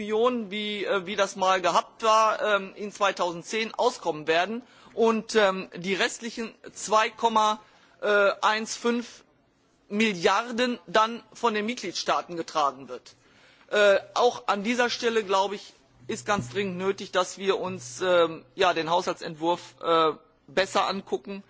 millionen wie äh, wie das mal gehabt war ähm, in zweitausendzehn auskommen werden und ähm, die restlichen zwei fünfzehn milliarden dann von den mitgliedstaaten getragen werden. Äh, auch an dieser stelle glaube ich ist ganz dringend nötig dass wir uns ähm, ja, den haushaltsentwurf äh, besser angucken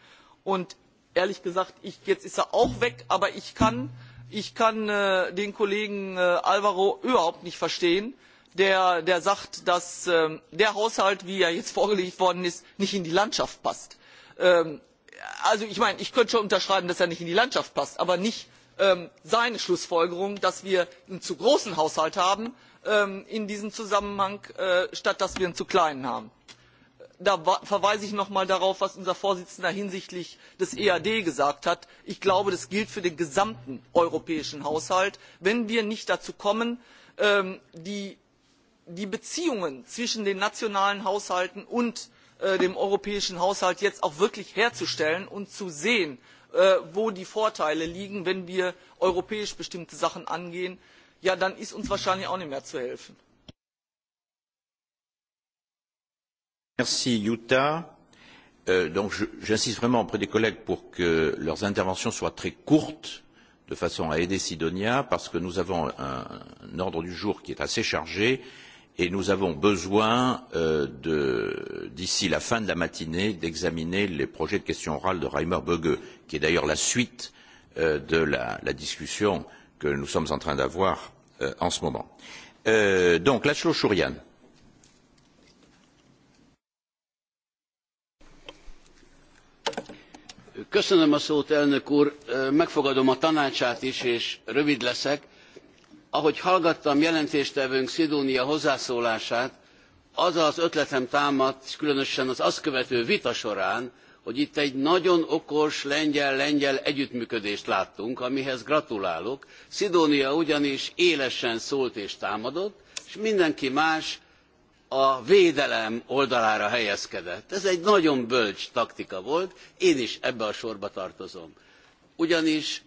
und ehrlich gesagt jetzt ist er auch weg aber ich kann den kollegen alvaro überhaupt nicht verstehen der sagt dass ähm, der haushalt wie er jetzt vorgelegt worden ist nicht in die landschaft passt. Ähm, ich könnte schon unterschreiben dass er nicht in die landschaft passt aber nicht ähm, seine schlussfolgerung dass wir einen zu großen haushalt haben in diesem zusammenhang äh, statt dass wir einen zu kleinen haben. da verweise ich noch einmal darauf was unser vorsitzender hinsichtlich des ead gesagt hat ich glaube das gilt für den gesamten europäischen haushalt wenn wir nicht dazu kommen die beziehungen zwischen den nationalen haushalten und äh, dem europäischen haushalt jetzt auch wirklich herzustellen und zu sehen äh, wo die vorteile liegen wenn wir europäisch bestimmte sachen angehen ja dann ist uns wahrscheinlich auch nicht mehr zu helfen. Euh, j'insiste vraiment auprès des collègues pour que leurs interventions soient très courtes de façon à aider sidonia parce que nous avons un ordre du jour qui est assez chargé et nous avons besoin euh, d'ici la fin de la matinée d'examiner les projets de questions orales de Reimer Böge, qui est d'ailleurs la suite euh, de la, la discussion que nous sommes en train d'avoir euh, en ce moment. Euh, donc, Lachlo Chourian. Köszönöm a szót, elnök úr. Megfogadom a tanácsát is, és rövid leszek ahogy hallgattam jelentéstevőnk Szidónia hozzászólását, az az ötletem támadt, különösen az azt követő vita során, hogy itt egy nagyon okos lengyel-lengyel együttműködést láttunk, amihez gratulálok. Szidónia ugyanis élesen szólt és támadott, és mindenki más a védelem oldalára helyezkedett. Ez egy nagyon bölcs taktika volt, én is ebbe a sorba tartozom. Ugyanis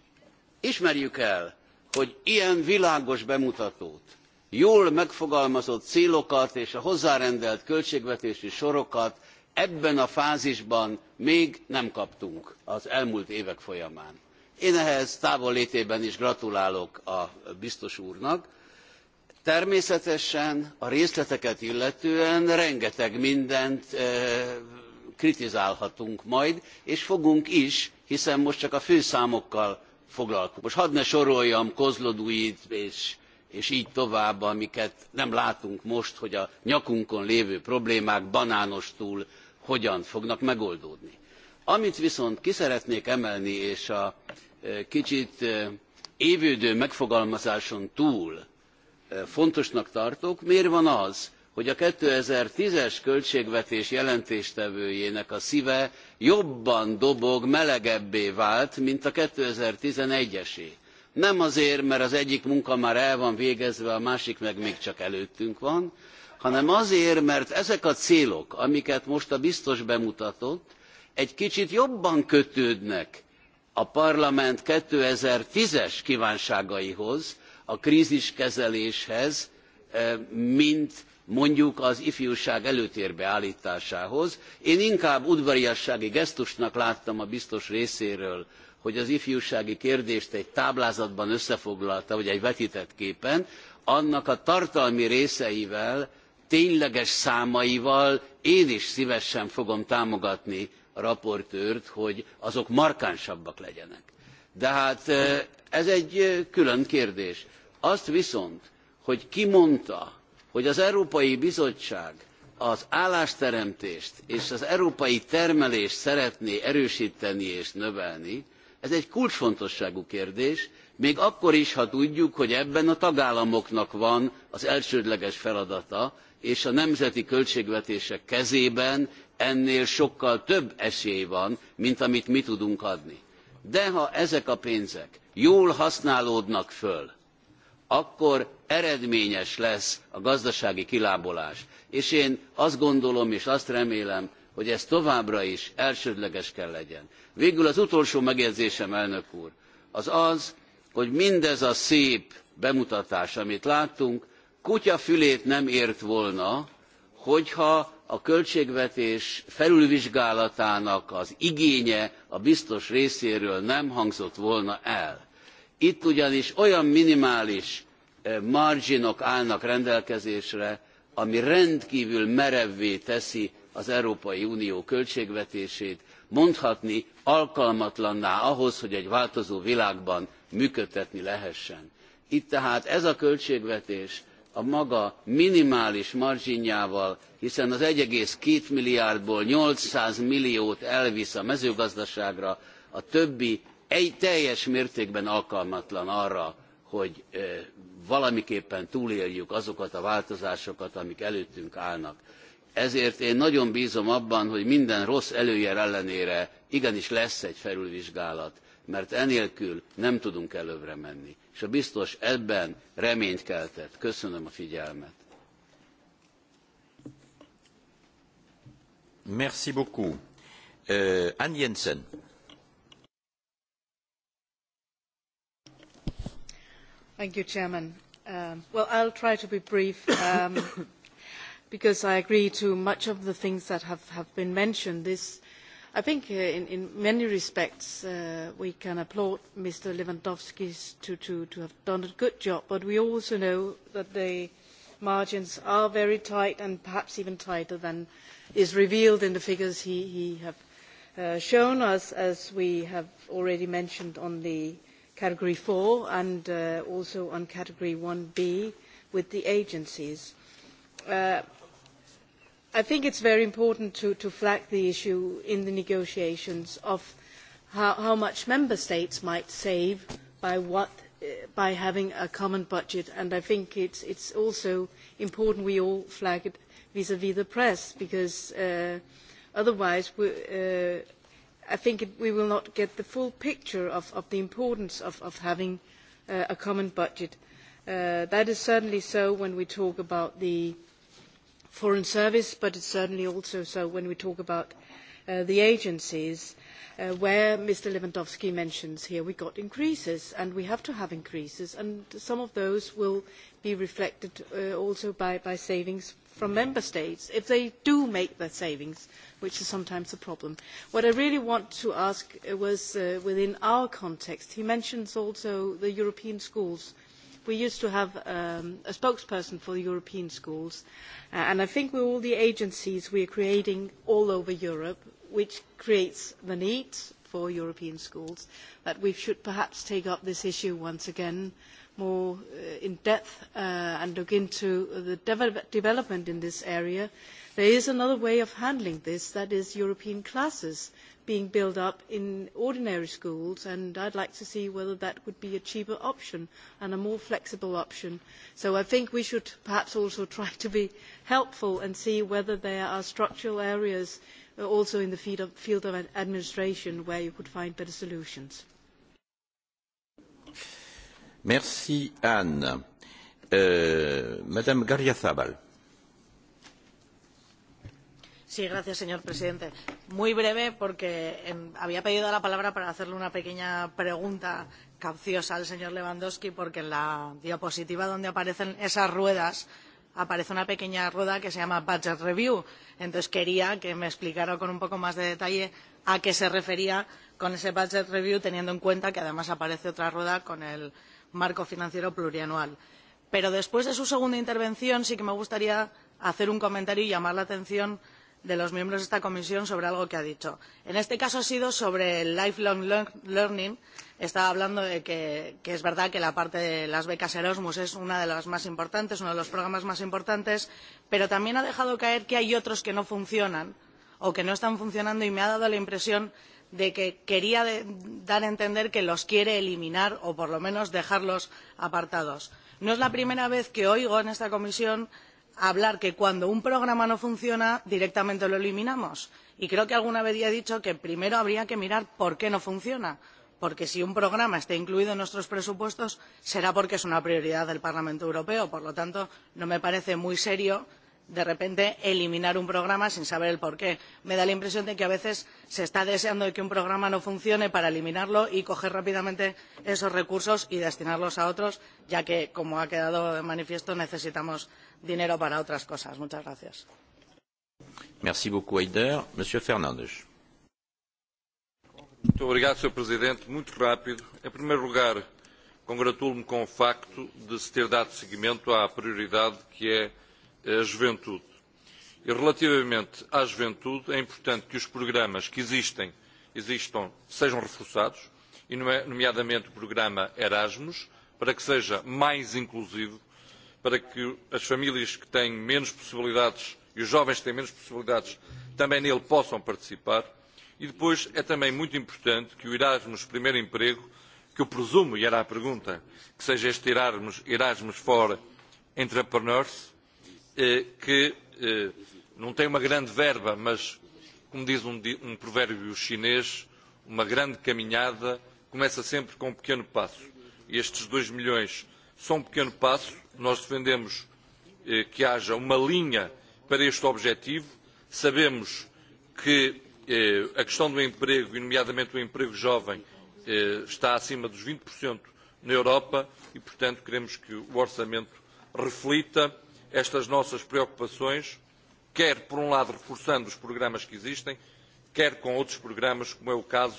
ismerjük el, hogy ilyen világos bemutatót, jól megfogalmazott célokat és a hozzárendelt költségvetési sorokat ebben a fázisban még nem kaptunk az elmúlt évek folyamán. Én ehhez távol létében is gratulálok a biztos úrnak. Természetesen a részleteket illetően rengeteg mindent e, kritizálhatunk majd, és fogunk is, hiszen most csak a főszámokkal foglalkozunk. Most hadd ne soroljam kozloduit és, és így tovább, amiket nem látunk most, hogy a nyakunkon lévő problémák banános túl hogyan fognak megoldódni. Amit viszont ki szeretnék emelni, és a e, kicsit e, évődő megfogalmazáson túl e, fontosnak tartok, miért van az, hogy a two thousand and ten es költségvetés jelentéstevőjének a szve jobban dobog melegebbé vált mint a two thousand and eleven esé. nem azért mert az egyik munka már el van végezve a másik meg még csak előttünk van hanem azért mert ezek a célok amiket most a biztos bemutatott egy kicsit jobban kötődnek a parlament two thousand and ten es kvánságaihoz a krziskezeléshez eh, mint mondjuk az ifjúság előtérbe állításához. Én inkább udvariassági gesztusnak láttam a biztos részéről, hogy az ifjúsági kérdést egy táblázatban összefoglalta, vagy egy vetített képen, annak a tartalmi részeivel, tényleges számaival én is szívesen fogom támogatni a raportőrt, hogy azok markánsabbak legyenek. De hát eh, ez egy eh, külön kérdés. Azt viszont, hogy ki mondta, hogy az Európai Bizottság az állásteremtést és az európai termelést szeretné erősíteni és növelni, ez egy kulcsfontosságú kérdés, még akkor is, ha tudjuk, hogy ebben a tagállamoknak van az elsődleges feladata, és a nemzeti költségvetések kezében ennél sokkal több esély van, mint amit mi tudunk adni. De ha ezek a pénzek jól használódnak föl, akkor eredményes lesz a gazdasági kilábalás és én azt gondolom és azt remélem hogy ez továbbra is elsődleges kell legyen. végül az utolsó megjegyzésem elnök úr az az hogy mindez a szép bemutatás amit láttunk kutyafülét nem ért volna hogyha a költségvetés felülvizsgálatának az igénye a biztos részéről nem hangzott volna el. itt ugyanis olyan minimális marzsinok állnak rendelkezésre ami rendkvül merevvé teszi az európai unió költségvetését mondhatni alkalmatlanná ahhoz hogy egy változó világban működtetni lehessen. itt tehát ez a költségvetés a maga minimális marzsinjával hiszen az one two milliárdból eight hundred milliót elvisz a mezőgazdaságra a többi teljes mértékben alkalmatlan arra hogy valamiképpen túléljük azokat a változásokat, amik előttünk állnak. Ezért én nagyon bízom abban, hogy minden rossz előjel ellenére igenis lesz egy felülvizsgálat, mert enélkül nem tudunk előbbre menni. És a biztos ebben reményt keltett. Köszönöm a figyelmet. Merci beaucoup. Uh, Anne Jensen. Thank you, Chairman. Um, well, I'll try to be brief um, because I agree to much of the things that have, have been mentioned. This, I think uh, in, in many respects uh, we can applaud Mr. Lewandowski to, to, to have done a good job, but we also know that the margins are very tight and perhaps even tighter than is revealed in the figures he, he have uh, shown us, as we have already mentioned on the category 4 and uh, also on category 1b with the agencies. Uh, I think it's very important to, to flag the issue in the negotiations of how, how much member states might save by, what, uh, by having a common budget. And I think it's, it's also important we all flag it vis-à-vis -vis the press because uh, otherwise we, uh, I think we will not get the full picture of, of the importance of, of having uh, a common budget. Uh, that is certainly so when we talk about the Foreign Service, but it's certainly also so when we talk about uh, the agencies. Uh, uh, where Mr. Lewandowski mentions here, we got increases, and we have to have increases, and some of those will be reflected uh, also by, by savings from member states, if they do make their savings, which is sometimes a problem. What I really want to ask uh, was uh, within our context, he mentions also the European schools. We used to have um, a spokesperson for the European schools, uh, and I think with all the agencies we are creating all over Europe, which creates the need for European schools, that we should perhaps take up this issue once again more uh, in depth uh, and look into the de development in this area. There is another way of handling this, that is European classes being built up in ordinary schools, and I'd like to see whether that would be a cheaper option and a more flexible option. So I think we should perhaps also try to be helpful and see whether there are structural areas Uh, also in the field of administration where you could find better solutions. Merci Anne. Euh, Madame Garriazabal. Sí, gracias, señor presidente. Muy breve, porque eh, había pedido la palabra para hacerle una pequeña pregunta capciosa al señor Lewandowski, porque en la diapositiva donde aparecen esas ruedas aparece una pequeña rueda que se llama Budget Review. Entonces quería que me explicara con un poco más de detalle a qué se refería con ese Budget Review, teniendo en cuenta que además aparece otra rueda con el marco financiero plurianual. Pero después de su segunda intervención sí que me gustaría hacer un comentario y llamar la atención de los miembros de esta comisión sobre algo que ha dicho. En este caso ha sido sobre el lifelong learning. Estaba hablando de que, que es verdad que la parte de las becas Erasmus es una de las más importantes, uno de los programas más importantes, pero también ha dejado caer que hay otros que no funcionan o que no están funcionando y me ha dado la impresión de que quería de, dar a entender que los quiere eliminar o por lo menos dejarlos apartados. No es la primera vez que oigo en esta comisión hablar que cuando un programa no funciona directamente lo eliminamos y creo que alguna vez ya he dicho que primero habría que mirar por qué no funciona porque si un programa está incluido en nuestros presupuestos será porque es una prioridad del Parlamento Europeo. Por lo tanto, no me parece muy serio de repente eliminar un programa sin saber el porqué. Me da la impresión de que a veces se está deseando que un programa no funcione para eliminarlo y coger rápidamente esos recursos y destinarlos a otros, ya que, como ha quedado de manifiesto, necesitamos dinero para otras cosas. Muchas gracias. Merci beaucoup, Eider. Monsieur Fernandes. Muito obrigado, Sr. Presidente. Muito rápido. Em primeiro lugar, congratulo-me com o facto de se ter dado seguimento à prioridade que é a juventude. E relativamente à juventude, é importante que os programas que existem existam, sejam reforçados, e nomeadamente o programa Erasmus, para que seja mais inclusivo para que as famílias que têm menos possibilidades e os jovens que têm menos possibilidades também nele possam participar. E depois é também muito importante que o Erasmus Primeiro Emprego, que eu presumo, e era a pergunta, que seja este Erasmus, Erasmus for Entrepreneurs, eh, que eh, não tem uma grande verba, mas, como diz um, um provérbio chinês, uma grande caminhada começa sempre com um pequeno passo. E estes 2 milhões são um pequeno passo. Nós defendemos eh, que haja uma linha para este objetivo. Sabemos que eh, a questão do emprego, e nomeadamente o emprego jovem, eh, está acima dos 20% na Europa e, portanto, queremos que o orçamento reflita estas nossas preocupações, quer, por um lado, reforçando os programas que existem, quer com outros programas, como é o caso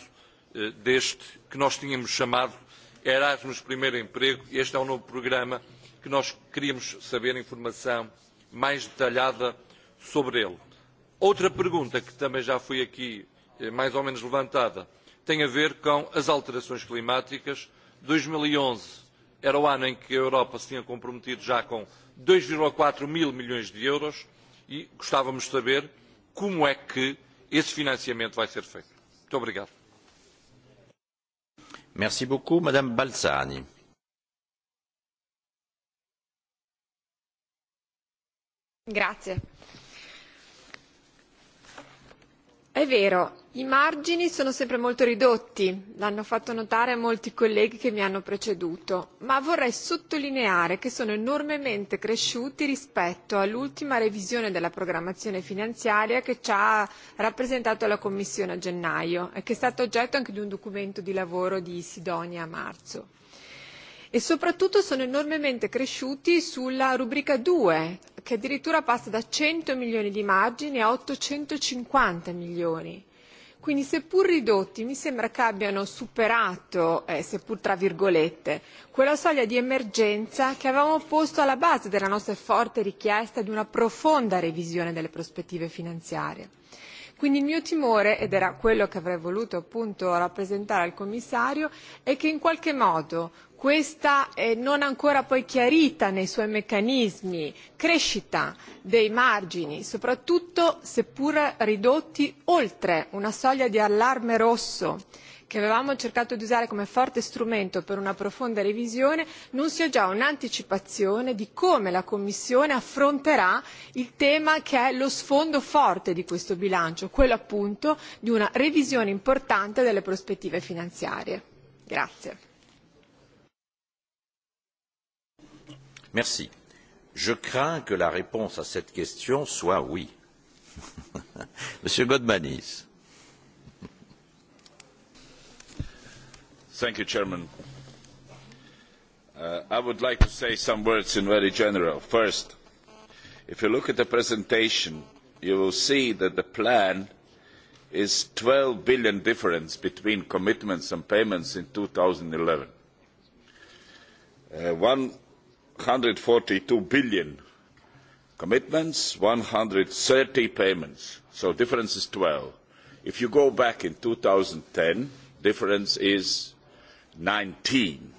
deste que nós tínhamos chamado Erasmus Primeiro Emprego, este é um novo programa que nós queríamos saber informação mais detalhada sobre ele. Outra pergunta que também já foi aqui eh, mais ou menos levantada tem a ver com as alterações climáticas. 2011 e era o ano em que a Europa se tinha comprometido já com 2,4 mil milhões de euros e gostávamos de saber como é que esse financiamento vai ser feito. Muito obrigado. Merci beaucoup, Madame Balzani. Grazie. è vero i margini sono sempre molto ridotti l'hanno fatto notare molti colleghi che mi hanno preceduto ma vorrei sottolineare che sono enormemente cresciuti rispetto all'ultima revisione della programmazione finanziaria che ci ha rappresentato la commissione a gennaio e che è stata oggetto anche di un documento di lavoro di sidonia a marzo e soprattutto sono enormemente cresciuti sulla rubrica 2 che addirittura passa da 100 milioni di immagini a 850 milioni. Quindi seppur ridotti mi sembra che abbiano superato, eh, seppur tra virgolette, quella soglia di emergenza che avevamo posto alla base della nostra forte richiesta di una profonda revisione delle prospettive finanziarie. Quindi il mio timore, ed era quello che avrei voluto appunto rappresentare al commissario, è che in qualche modo questa è non ancora poi chiarita nei suoi meccanismi crescita dei margini soprattutto seppur ridotti oltre una soglia di allarme rosso che avevamo cercato di usare come forte strumento per una profonda revisione non si ha già un'anticipazione di come la commissione affronterà il tema che è lo sfondo forte di questo bilancio quello appunto di una revisione importante delle prospettive finanziarie. Merci. Je crains que la réponse à cette question soit oui. Monsieur Godmanis. Thank you, Chairman. Uh, I would like to say some words in very general. First, if you look at the presentation, you will see that the plan is 12 billion difference between commitments and payments in 2011. Uh, one 142 billion commitments, 130 payments. So difference is 12. If you go back in 2010, difference is 19.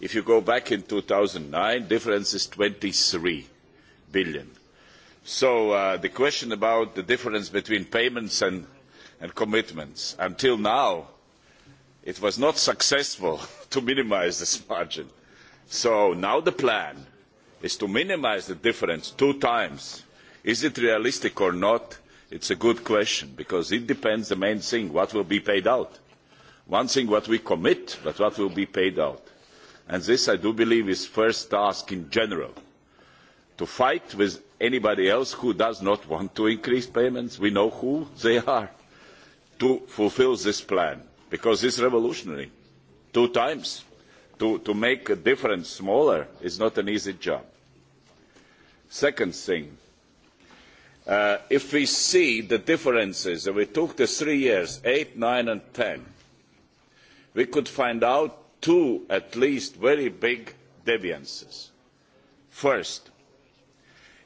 If you go back in 2009, difference is 23 billion. So uh, the question about the difference between payments and, and commitments, until now, it was not successful to minimize this margin. So now the plan is to minimize the difference two times. Is it realistic or not? It's a good question because it depends the main thing, what will be paid out. One thing what we commit, but what will be paid out. And this I do believe is first task in general. To fight with anybody else who does not want to increase payments, we know who they are, to fulfill this plan. Because it's revolutionary. Two times to, to make a difference smaller is not an easy job. Second thing, uh, if we see the differences, and we took the three years, eight, nine, and ten, we could find out two at least very big deviances. First,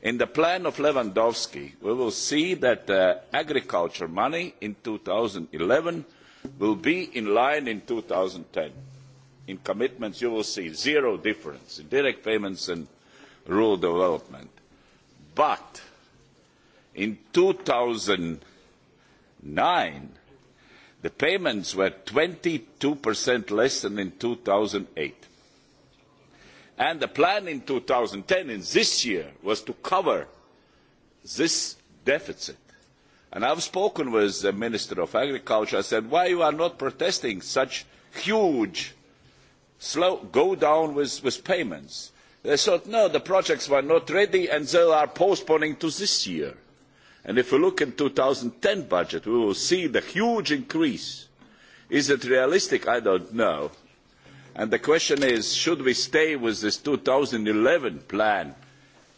in the plan of Lewandowski, we will see that uh, agriculture money in 2011 will be in line in 2010 in commitments, you will see zero difference in direct payments and rural development. But in 2009, the payments were 22% less than in 2008. And the plan in 2010, in this year, was to cover this deficit. And I've spoken with the Minister of Agriculture. I said, why you are not protesting such huge slow, go down with, with payments. They thought, no, the projects were not ready and they are postponing to this year. And if we look in 2010 budget, we will see the huge increase. Is it realistic? I don't know. And the question is, should we stay with this 2011 plan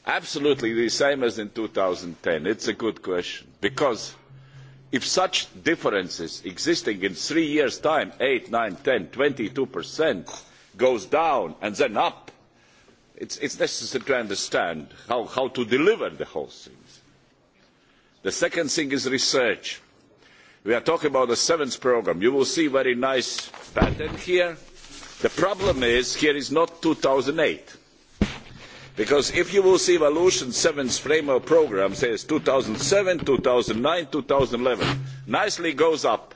absolutely the same as in 2010? It's a good question. Because if such differences existing in three years' time, 8, 9, 10, 22 percent, goes down and then up, it's, it's necessary to understand how, how to deliver the whole thing. The second thing is research. We are talking about the seventh program. You will see very nice pattern here. The problem is here is not 2008. Because if you will see evolution seventh framework program says 2007, 2009, 2011, nicely goes up.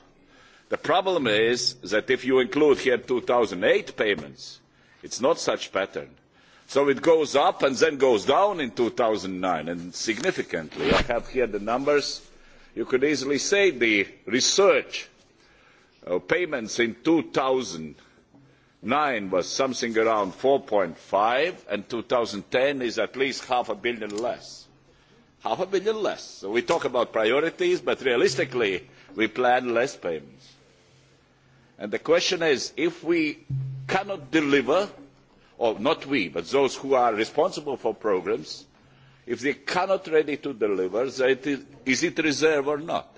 The problem is that if you include here 2008 payments, it's not such pattern. So it goes up and then goes down in 2009, and significantly. I have here the numbers. You could easily say the research uh, payments in 2009 was something around 4.5, and 2010 is at least half a billion less. Half a billion less. So we talk about priorities, but realistically, we plan less payments and the question is if we cannot deliver or not we but those who are responsible for programmes if they cannot ready to deliver that it is, is it reserve or not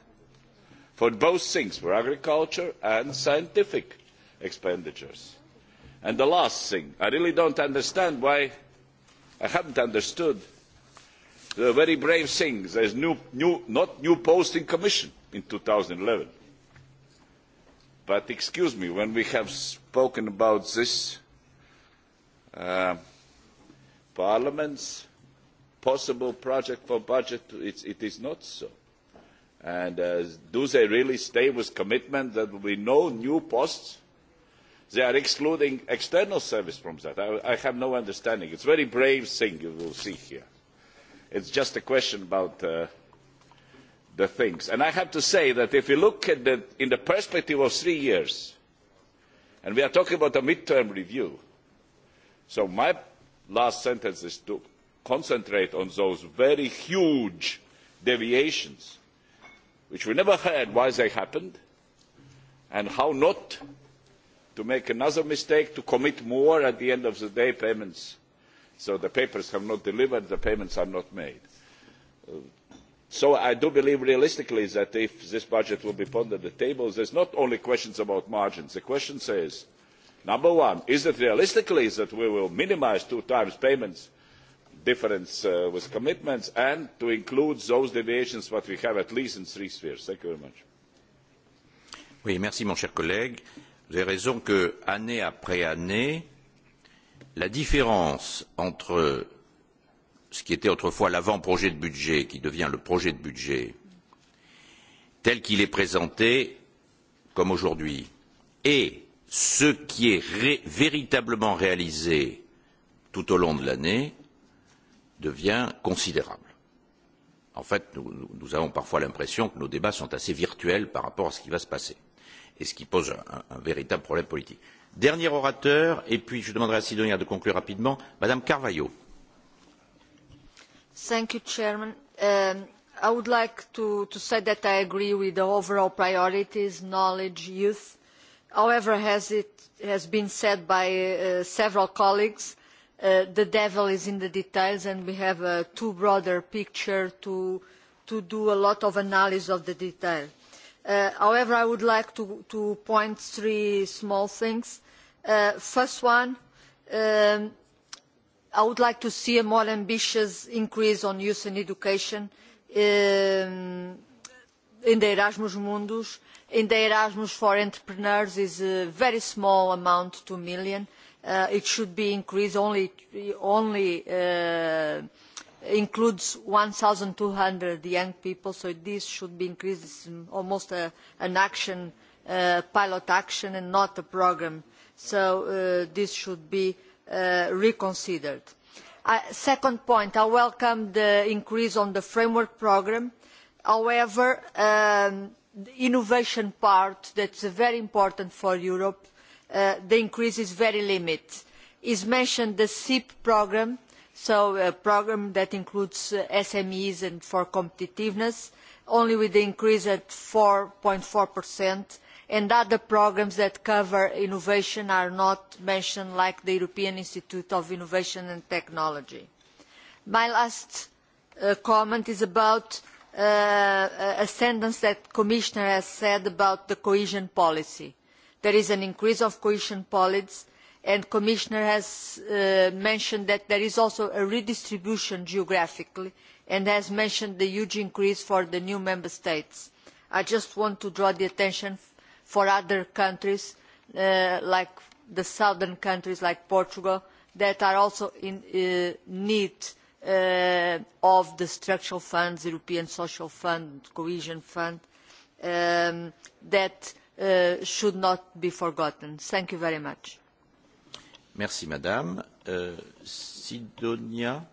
for both things for agriculture and scientific expenditures and the last thing i really don't understand why i haven't understood the very brave thing there is new, new, not new posting commission in 2011 But excuse me, when we have spoken about this, uh, Parliament's possible project for budget, it's, it is not so. And uh, do they really stay with commitment that there will be no new posts? They are excluding external service from that. I, I have no understanding. It's a very brave thing you will see here. It's just a question about uh, the things. I have to say that if you look at the, in the perspective of three years, and we are talking about a midterm review, so my last sentence is to concentrate on those very huge deviations, which we never heard why they happened, and how not to make another mistake to commit more at the end of the day payments, so the papers have not delivered, the payments are not made. Uh, so i do believe realistically that if this budget will be put on the table there are not only questions about margins the question is number one is it realistic that we will minimise two times payments difference uh, with commitments and to include those deviations that we have at least in three spheres? Thank you very much. Oui, merci mon cher collègue. Vous avez raison que, année après année, la différence entre ce qui était autrefois l'avant projet de budget, qui devient le projet de budget, tel qu'il est présenté comme aujourd'hui, et ce qui est ré véritablement réalisé tout au long de l'année devient considérable. En fait, nous, nous avons parfois l'impression que nos débats sont assez virtuels par rapport à ce qui va se passer et ce qui pose un, un, un véritable problème politique. Dernier orateur, et puis je demanderai à Sidonia de conclure rapidement, Madame Carvalho. Um, i would like to say that i agree with the overall priorities knowledge youth. however as has been said by uh, several colleagues uh, the devil is in the details and we have a too broad picture to do a lot of analysis of the detail. Uh, however i would like to point out three small things. the first one is um, i would like to see a more ambitious increase in youth and education um, in the erasmus mundus. in the erasmus for entrepreneurs is a very small amount two million. Uh, it should be increased and only uh, includes one thousand two hundred young people so this should be increased. it is almost an action a uh, pilot action and not a programme so this should Uh, reconsidered. Uh, second point i welcome the increase on the framework programme. however um, the innovation part that is very important for europe uh, the increase is very limited. is mentioned the cip programme so a programme that includes smes and for competitiveness only with the increase at four. four and other programmes that cover innovation are not mentioned like the European Institute of Innovation and Technology. My last uh, comment is about uh, a sentence that Commissioner has said about the cohesion policy. There is an increase of cohesion policy and Commissioner has uh, mentioned that there is also a redistribution geographically and has mentioned the huge increase for the new member states. I just want to draw the attention for other countries uh, like the southern countries like Portugal that are also in uh, need uh, of the structural funds, European Social Fund, Cohesion Fund, um, that uh, should not be forgotten. Thank you very much. Merci, Madame. Uh, Sidonia.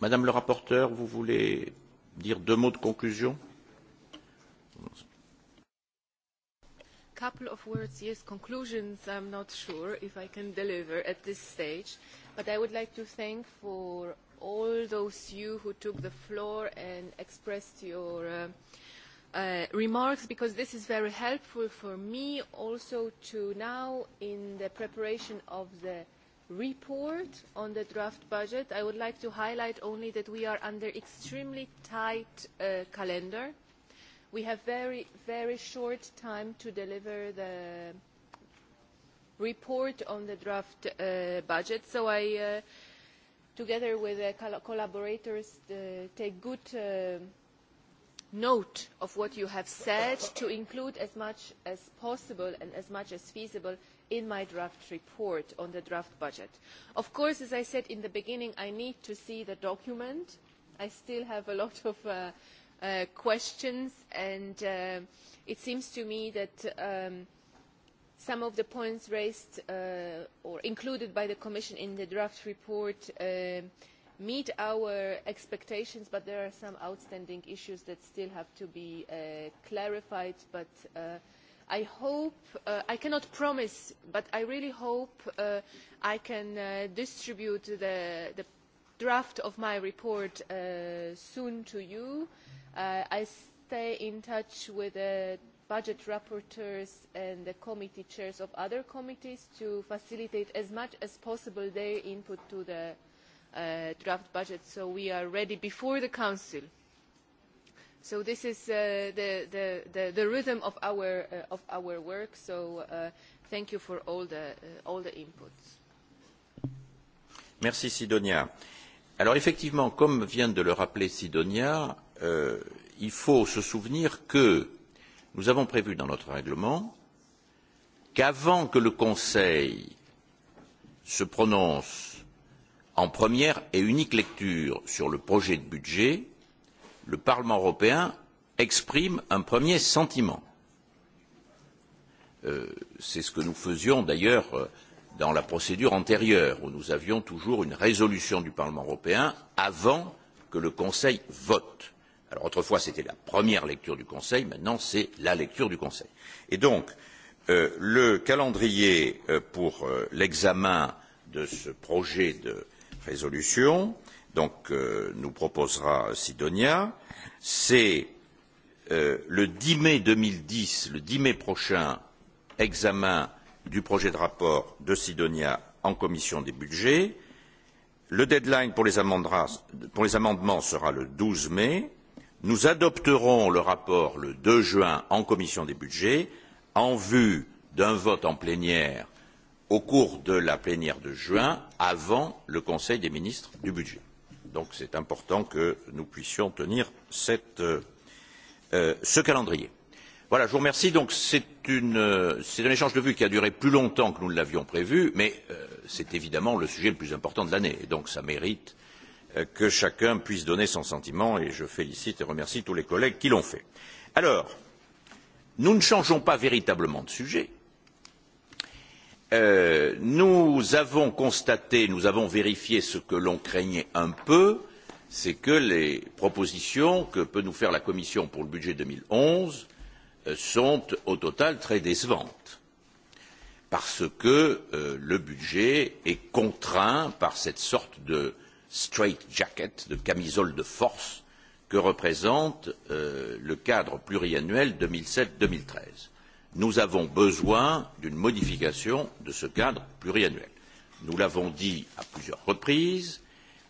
Madame le rapporteur, vous voulez dire deux mots de conclusion couple of words, yes, conclusions, I'm not sure if I can deliver at this stage, but I would like to thank for all those you who took the floor and expressed your uh, uh, remarks, because this is very helpful for me also to now in the preparation of the report on the draft budget. I would like to highlight only that we are under extremely tight uh, calendar. We have very, very short time to deliver the report on the draft uh, budget, so I, uh, together with the collaborators, uh, take good uh, note of what you have said to include as much as possible and as much as feasible in my draft report on the draft budget. Of course, as I said in the beginning, I need to see the document. I still have a lot of uh, uh, questions and uh, it seems to me that um, some of the points raised uh, or included by the Commission in the draft report uh, meet our expectations, but there are some outstanding issues that still have to be uh, clarified. But uh, I hope, uh, I cannot promise, but I really hope uh, I can uh, distribute the, the draft of my report uh, soon to you. Uh, I stay in touch with the budget rapporteurs and the committee chairs of other committees to facilitate as much as possible their input to the uh, draft budget so we are ready before the Council. So this is uh, the, the, the, the rhythm of our, uh, of our work, so uh, thank you for all the, uh, all the inputs. Merci Sidonia. Alors effectivement, comme vient de le rappeler Sidonia, euh, il faut se souvenir que nous avons prévu dans notre règlement qu'avant que le Conseil se prononce en première et unique lecture sur le projet de budget, le Parlement européen exprime un premier sentiment. Euh, C'est ce que nous faisions d'ailleurs euh, dans la procédure antérieure, où nous avions toujours une résolution du Parlement européen avant que le Conseil vote. Alors autrefois, c'était la première lecture du Conseil, maintenant c'est la lecture du Conseil. Et donc, euh, le calendrier euh, pour euh, l'examen de ce projet de résolution, donc euh, nous proposera Sidonia, c'est euh, le 10 mai 2010, le 10 mai prochain, examen euh, du projet de rapport de Sidonia en commission des budgets. Le deadline pour les, pour les amendements sera le 12 mai. Nous adopterons le rapport le 2 juin en commission des budgets en vue d'un vote en plénière au cours de la plénière de juin avant le Conseil des ministres du budget. Donc c'est important que nous puissions tenir cette, euh, ce calendrier. Voilà, je vous remercie. Donc c'est un échange de vues qui a duré plus longtemps que nous ne l'avions prévu, mais euh, c'est évidemment le sujet le plus important de l'année. Donc ça mérite euh, que chacun puisse donner son sentiment et je félicite et remercie tous les collègues qui l'ont fait. Alors, nous ne changeons pas véritablement de sujet. Euh, nous avons constaté, nous avons vérifié ce que l'on craignait un peu, c'est que les propositions que peut nous faire la Commission pour le budget 2011 sont au total très décevantes parce que euh, le budget est contraint par cette sorte de straight jacket, de camisole de force que représente euh, le cadre pluriannuel 2007-2013. Nous avons besoin d'une modification de ce cadre pluriannuel. Nous l'avons dit à plusieurs reprises,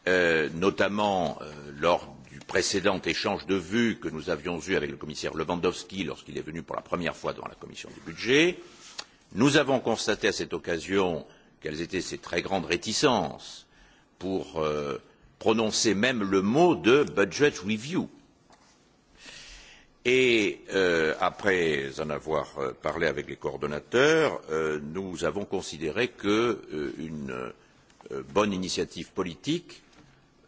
euh, notamment euh, lors du précédent échange de vues que nous avions eu avec le commissaire Lewandowski lorsqu'il est venu pour la première fois devant la commission du budget. Nous avons constaté à cette occasion quelles étaient ses très grandes réticences pour euh, prononcer même le mot de budget review. Et euh, après en avoir euh, parlé avec les coordonnateurs, euh, nous avons considéré qu'une euh, euh, bonne initiative politique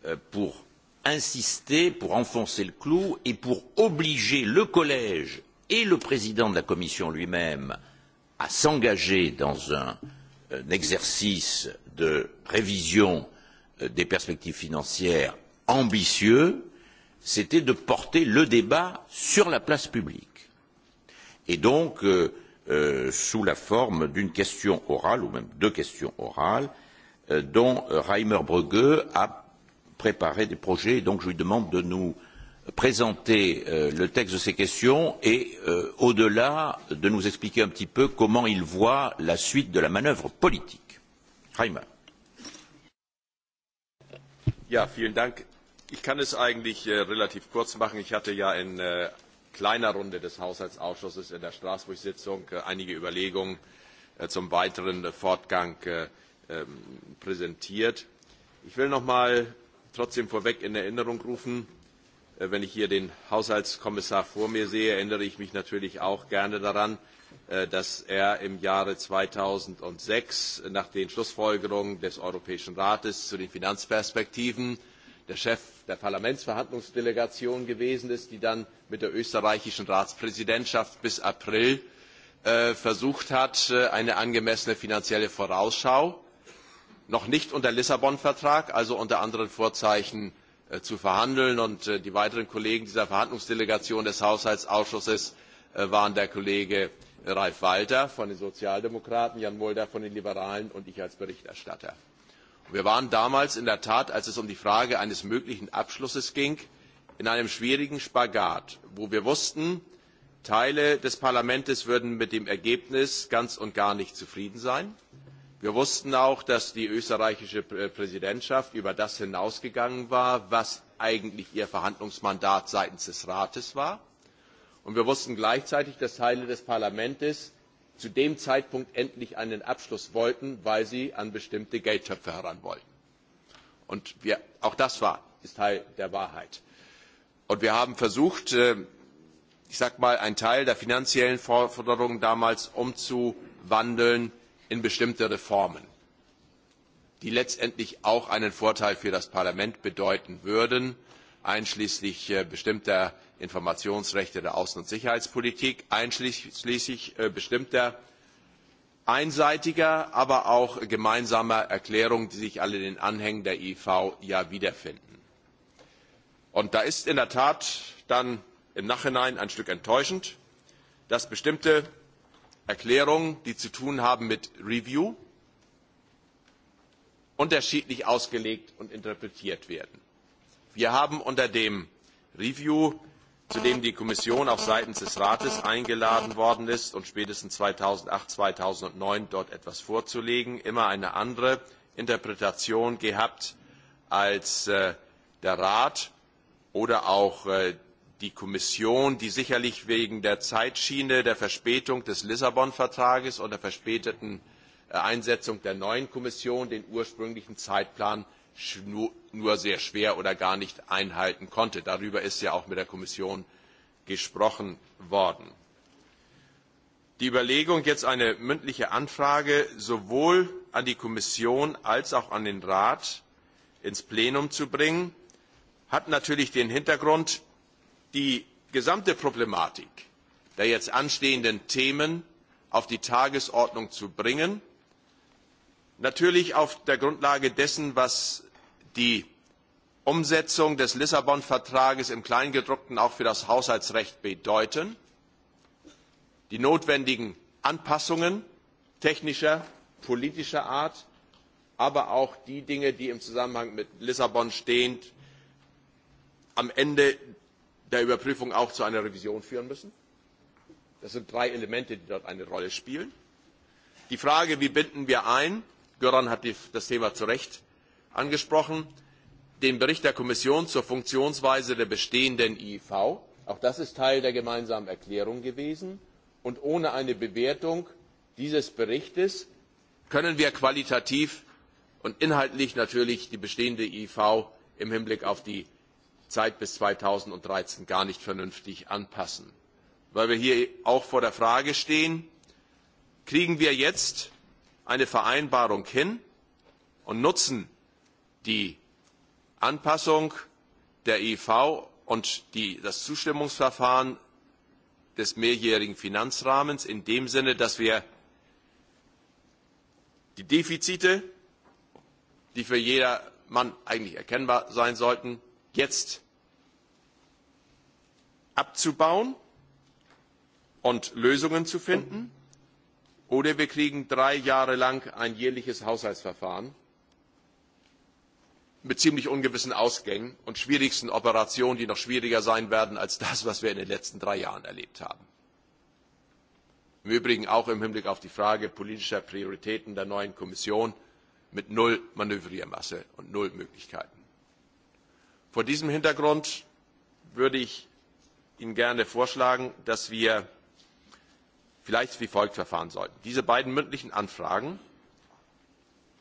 euh, pour insister pour enfoncer le clou et pour obliger le collège et le président de la commission lui même à s'engager dans un, un exercice de révision euh, des perspectives financières ambitieux, c'était de porter le débat sur la place publique et donc, euh, euh, sous la forme d'une question orale ou même deux questions orales, euh, dont euh, Reimer Brugge a préparer des projets. Donc je lui demande de nous présenter euh, le texte de ces questions et, euh, au-delà, de nous expliquer un petit peu comment il voit la suite de la manœuvre politique. Reimer. Ja, vielen Dank. Ich kann es eigentlich äh, relativ kurz machen. Ich hatte ja in äh, kleiner Runde des Haushaltsausschusses in der Straßburg-Sitzung äh, einige Überlegungen äh, zum weiteren äh, Fortgang äh, äh, präsentiert. Ich will noch mal trotzdem vorweg in Erinnerung rufen. Äh, wenn ich hier den Haushaltskommissar vor mir sehe, erinnere ich mich natürlich auch gerne daran, äh, dass er im Jahre 2006 nach den Schlussfolgerungen des Europäischen Rates zu den Finanzperspektiven der Chef der Parlamentsverhandlungsdelegation gewesen ist, die dann mit der österreichischen Ratspräsidentschaft bis April äh, versucht hat, eine angemessene finanzielle Vorausschau noch nicht unter dem lissabon vertrag also unter anderen vorzeichen äh, zu verhandeln und äh, die weiteren kollegen dieser verhandlungsdelegation des haushaltsausschusses äh, waren der kollege ralf walter von den sozialdemokraten jan mulder von den liberalen und ich als berichterstatter. wir waren damals in der tat als es um die frage eines möglichen abschlusses ging in einem schwierigen spagat wo wir wussten teile des parlaments würden mit dem ergebnis ganz und gar nicht zufrieden sein Wir wussten auch, dass die österreichische Präsidentschaft über das hinausgegangen war, was eigentlich ihr Verhandlungsmandat seitens des Rates war. Und wir wussten gleichzeitig, dass Teile des Parlaments zu dem Zeitpunkt endlich einen Abschluss wollten, weil sie an bestimmte Geldtöpfe heran wollten. Und wir, auch das war, ist Teil der Wahrheit. Und wir haben versucht, äh, ich sag mal, einen Teil der finanziellen Forderungen damals umzuwandeln, in bestimmte Reformen, die letztendlich auch einen Vorteil für das Parlament bedeuten würden, einschließlich äh, bestimmter Informationsrechte der Außen- und Sicherheitspolitik, einschließlich äh, bestimmter einseitiger, aber auch gemeinsamer Erklärungen, die sich alle den Anhängen der IV ja wiederfinden. Und da ist in der Tat dann im Nachhinein ein Stück enttäuschend, dass bestimmte erklärungen die zu tun haben mit review unterschiedlich ausgelegt und interpretiert werden. wir haben unter dem review zu dem die kommission auch seitens des rates eingeladen worden ist um spätestens zweitausendacht zweitausendneun dort etwas vorzulegen immer eine andere interpretation gehabt als äh, der rat oder auch äh, die Kommission, die sicherlich wegen der Zeitschiene, der Verspätung des Lissabon-Vertrages und der verspäteten äh, Einsetzung der neuen Kommission den ursprünglichen Zeitplan nur sehr schwer oder gar nicht einhalten konnte. Darüber ist ja auch mit der Kommission gesprochen worden. Die Überlegung, jetzt eine mündliche Anfrage sowohl an die Kommission als auch an den Rat ins Plenum zu bringen, hat natürlich den Hintergrund, die gesamte Problematik der jetzt anstehenden Themen auf die Tagesordnung zu bringen, natürlich auf der Grundlage dessen, was die Umsetzung des Lissabon-Vertrages im Kleingedruckten auch für das Haushaltsrecht bedeuten, die notwendigen Anpassungen technischer, politischer Art, aber auch die Dinge, die im Zusammenhang mit Lissabon stehen, am Ende der Überprüfung auch zu einer Revision führen müssen. Das sind drei Elemente, die dort eine Rolle spielen. Die Frage, wie binden wir ein, Göran hat die, das Thema zu Recht angesprochen, den Bericht der Kommission zur Funktionsweise der bestehenden IV. Auch das ist Teil der gemeinsamen Erklärung gewesen. Und ohne eine Bewertung dieses Berichtes können wir qualitativ und inhaltlich natürlich die bestehende IV im Hinblick auf die Zeit bis 2013 gar nicht vernünftig anpassen. Weil wir hier auch vor der Frage stehen, kriegen wir jetzt eine Vereinbarung hin und nutzen die Anpassung der IV e und die, das Zustimmungsverfahren des mehrjährigen Finanzrahmens in dem Sinne, dass wir die Defizite, die für jedermann eigentlich erkennbar sein sollten, jetzt abzubauen und Lösungen zu finden, oder wir kriegen drei Jahre lang ein jährliches Haushaltsverfahren mit ziemlich ungewissen Ausgängen und schwierigsten Operationen, die noch schwieriger sein werden als das, was wir in den letzten drei Jahren erlebt haben. Im Übrigen auch im Hinblick auf die Frage politischer Prioritäten der neuen Kommission mit null Manövriermasse und null Möglichkeiten. Vor diesem Hintergrund würde ich Ihnen gerne vorschlagen, dass wir vielleicht wie folgt verfahren sollten. Diese beiden mündlichen Anfragen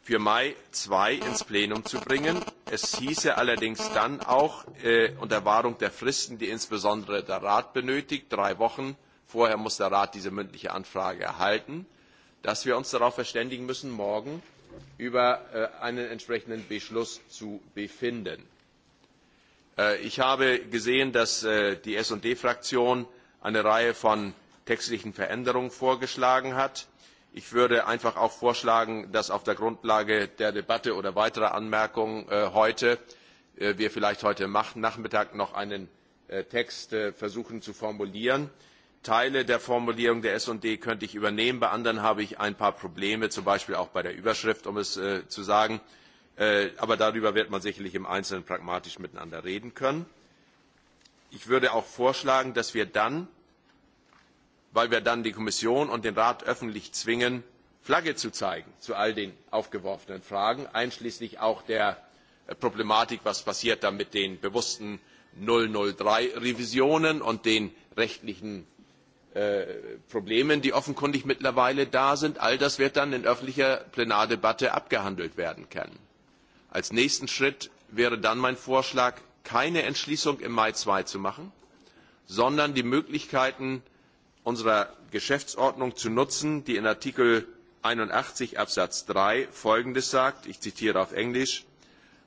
für Mai 2 ins Plenum zu bringen. Es hieße allerdings dann auch äh, unter Wahrung der Fristen, die insbesondere der Rat benötigt, drei Wochen vorher muss der Rat diese mündliche Anfrage erhalten, dass wir uns darauf verständigen müssen, morgen über äh, einen entsprechenden Beschluss zu befinden. Äh, ich habe gesehen dass äh, die sd fraktion eine reihe von textlichen veränderungen vorgeschlagen hat. ich würde einfach auch vorschlagen dass wir auf der grundlage der debatte oder weiterer anmerkungen äh, heute vielleicht heute nachmittag noch einen text versuchen zu formulieren. teile der formulierung der sd könnte ich übernehmen bei anderen habe ich ein paar probleme zum beispiel auch bei der überschrift um es zu sagen. Äh, aber darüber wird man sicherlich im Einzelnen pragmatisch miteinander reden können. Ich würde auch vorschlagen, dass wir dann, weil wir dann die Kommission und den Rat öffentlich zwingen, Flagge zu zeigen zu all den aufgeworfenen Fragen, einschließlich auch der äh, Problematik, was passiert da mit den bewussten 003-Revisionen und den rechtlichen äh, Problemen, die offenkundig mittlerweile da sind. All das wird dann in öffentlicher Plenardebatte abgehandelt werden können. Als nächsten Schritt wäre dann mein Vorschlag, keine Entschließung im Mai 2 zu machen, sondern die Möglichkeiten unserer Geschäftsordnung zu nutzen, die in Artikel 81 Absatz 3 Folgendes sagt, ich zitiere auf Englisch,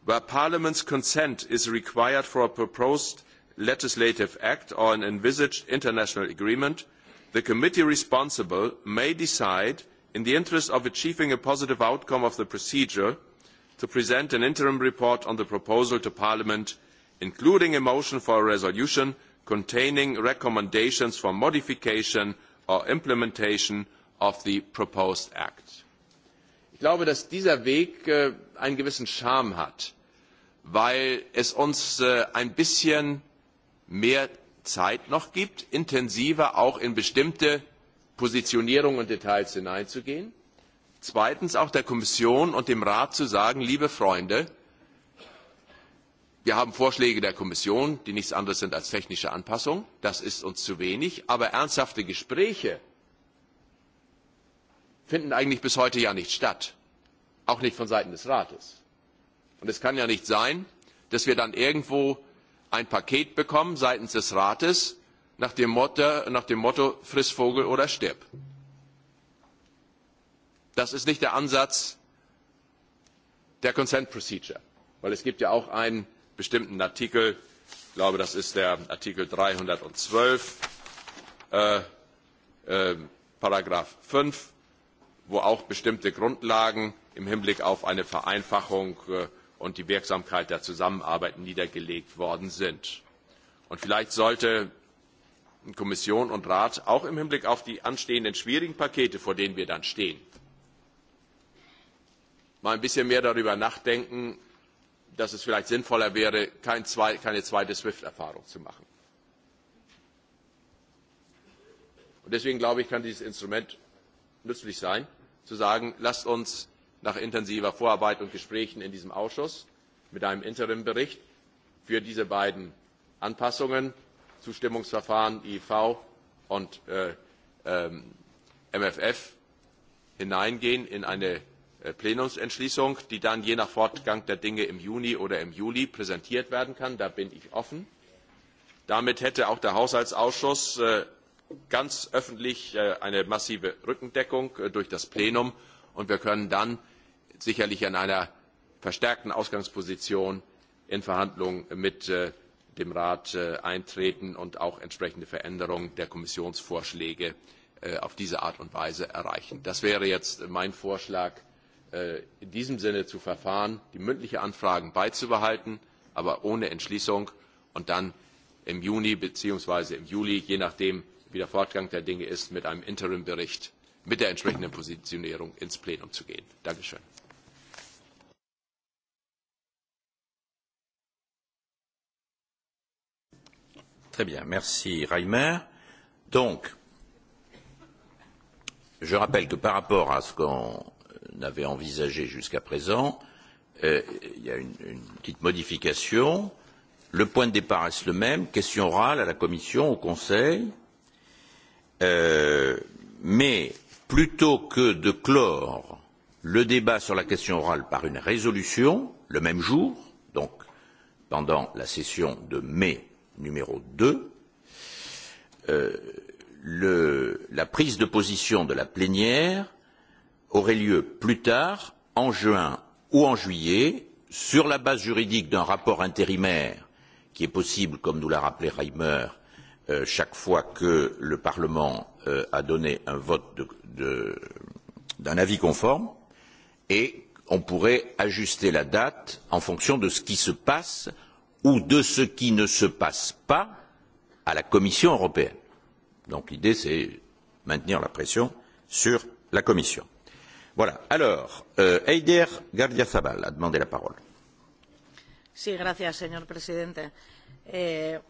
Where Parliament's consent is required for a proposed legislative act or an envisaged international agreement, the committee responsible may decide, in the interest of achieving a positive outcome of the procedure, to present an interim report on the proposal to parliament including a motion for a resolution containing recommendations for modification or implementation of the proposed act. ich glaube dass dieser weg äh, einen gewissen charme hat weil es uns äh, ein bisschen mehr zeit noch gibt intensiver auch in bestimmte positionierungen und details hineinzugehen zweitens auch der Kommission und dem Rat zu sagen, liebe Freunde, wir haben Vorschläge der Kommission, die nichts anderes sind als technische Anpassungen, das ist uns zu wenig, aber ernsthafte Gespräche finden eigentlich bis heute ja nicht statt, auch nicht von Seiten des Rates. Und es kann ja nicht sein, dass wir dann irgendwo ein Paket bekommen seitens des Rates nach dem Motto, nach dem Motto Frissvogel oder stirb das ist nicht der Ansatz der Consent Procedure, weil es gibt ja auch einen bestimmten Artikel, ich glaube, das ist der Artikel 312, äh, äh, Paragraph 5, wo auch bestimmte Grundlagen im Hinblick auf eine Vereinfachung äh, und die Wirksamkeit der Zusammenarbeit niedergelegt worden sind. Und vielleicht sollte Kommission und Rat auch im Hinblick auf die anstehenden schwierigen Pakete, vor denen wir dann stehen, mal ein bisschen mehr darüber nachdenken, dass es vielleicht sinnvoller wäre, kein zwei, keine zweite SWIFT-Erfahrung zu machen. Und deswegen glaube ich, kann dieses Instrument nützlich sein, zu sagen, lasst uns nach intensiver Vorarbeit und Gesprächen in diesem Ausschuss mit einem Interimbericht für diese beiden Anpassungen, Zustimmungsverfahren IV und äh, ähm, MFF, hineingehen in eine Äh, plenumsentschließung die dann je nach fortgang der dinge im juni oder im juli präsentiert werden kann da bin ich offen. damit hätte auch der haushaltsausschuss äh, ganz öffentlich äh, eine massive rückendeckung durch das plenum und wir können dann sicherlich in einer verstärkten ausgangsposition in verhandlungen mit dem rat eintreten und auch entsprechende veränderungen der kommissionsvorschläge auf diese art und weise erreichen. das wäre jetzt mein vorschlag Äh, in diesem Sinne zu verfahren, die mündliche Anfragen beizubehalten, aber ohne Entschließung und dann im Juni bzw. im Juli, je nachdem wie der Fortgang der Dinge ist, mit einem Interimbericht mit der entsprechenden Positionierung ins Plenum zu gehen. Dankeschön. Très bien, merci Reimer. Donc, je rappelle que par rapport à ce qu'on n'avait envisagé jusqu'à présent. Euh, il y a une, une petite modification. Le point de départ reste le même. Question orale à la Commission, au Conseil. Euh, mais plutôt que de clore le débat sur la question orale par une résolution, le même jour, donc pendant la session de mai numéro 2, euh, le, la prise de position de la plénière aurait lieu plus tard, en juin ou en juillet, sur la base juridique d'un rapport intérimaire, qui est possible, comme nous l'a rappelé Reimer, euh, chaque fois que le Parlement euh, a donné un vote d'un de, de, avis conforme, et on pourrait ajuster la date en fonction de ce qui se passe ou de ce qui ne se passe pas à la Commission européenne. Donc l'idée, c'est maintenir la pression sur la Commission. Euh, señor presidente eh,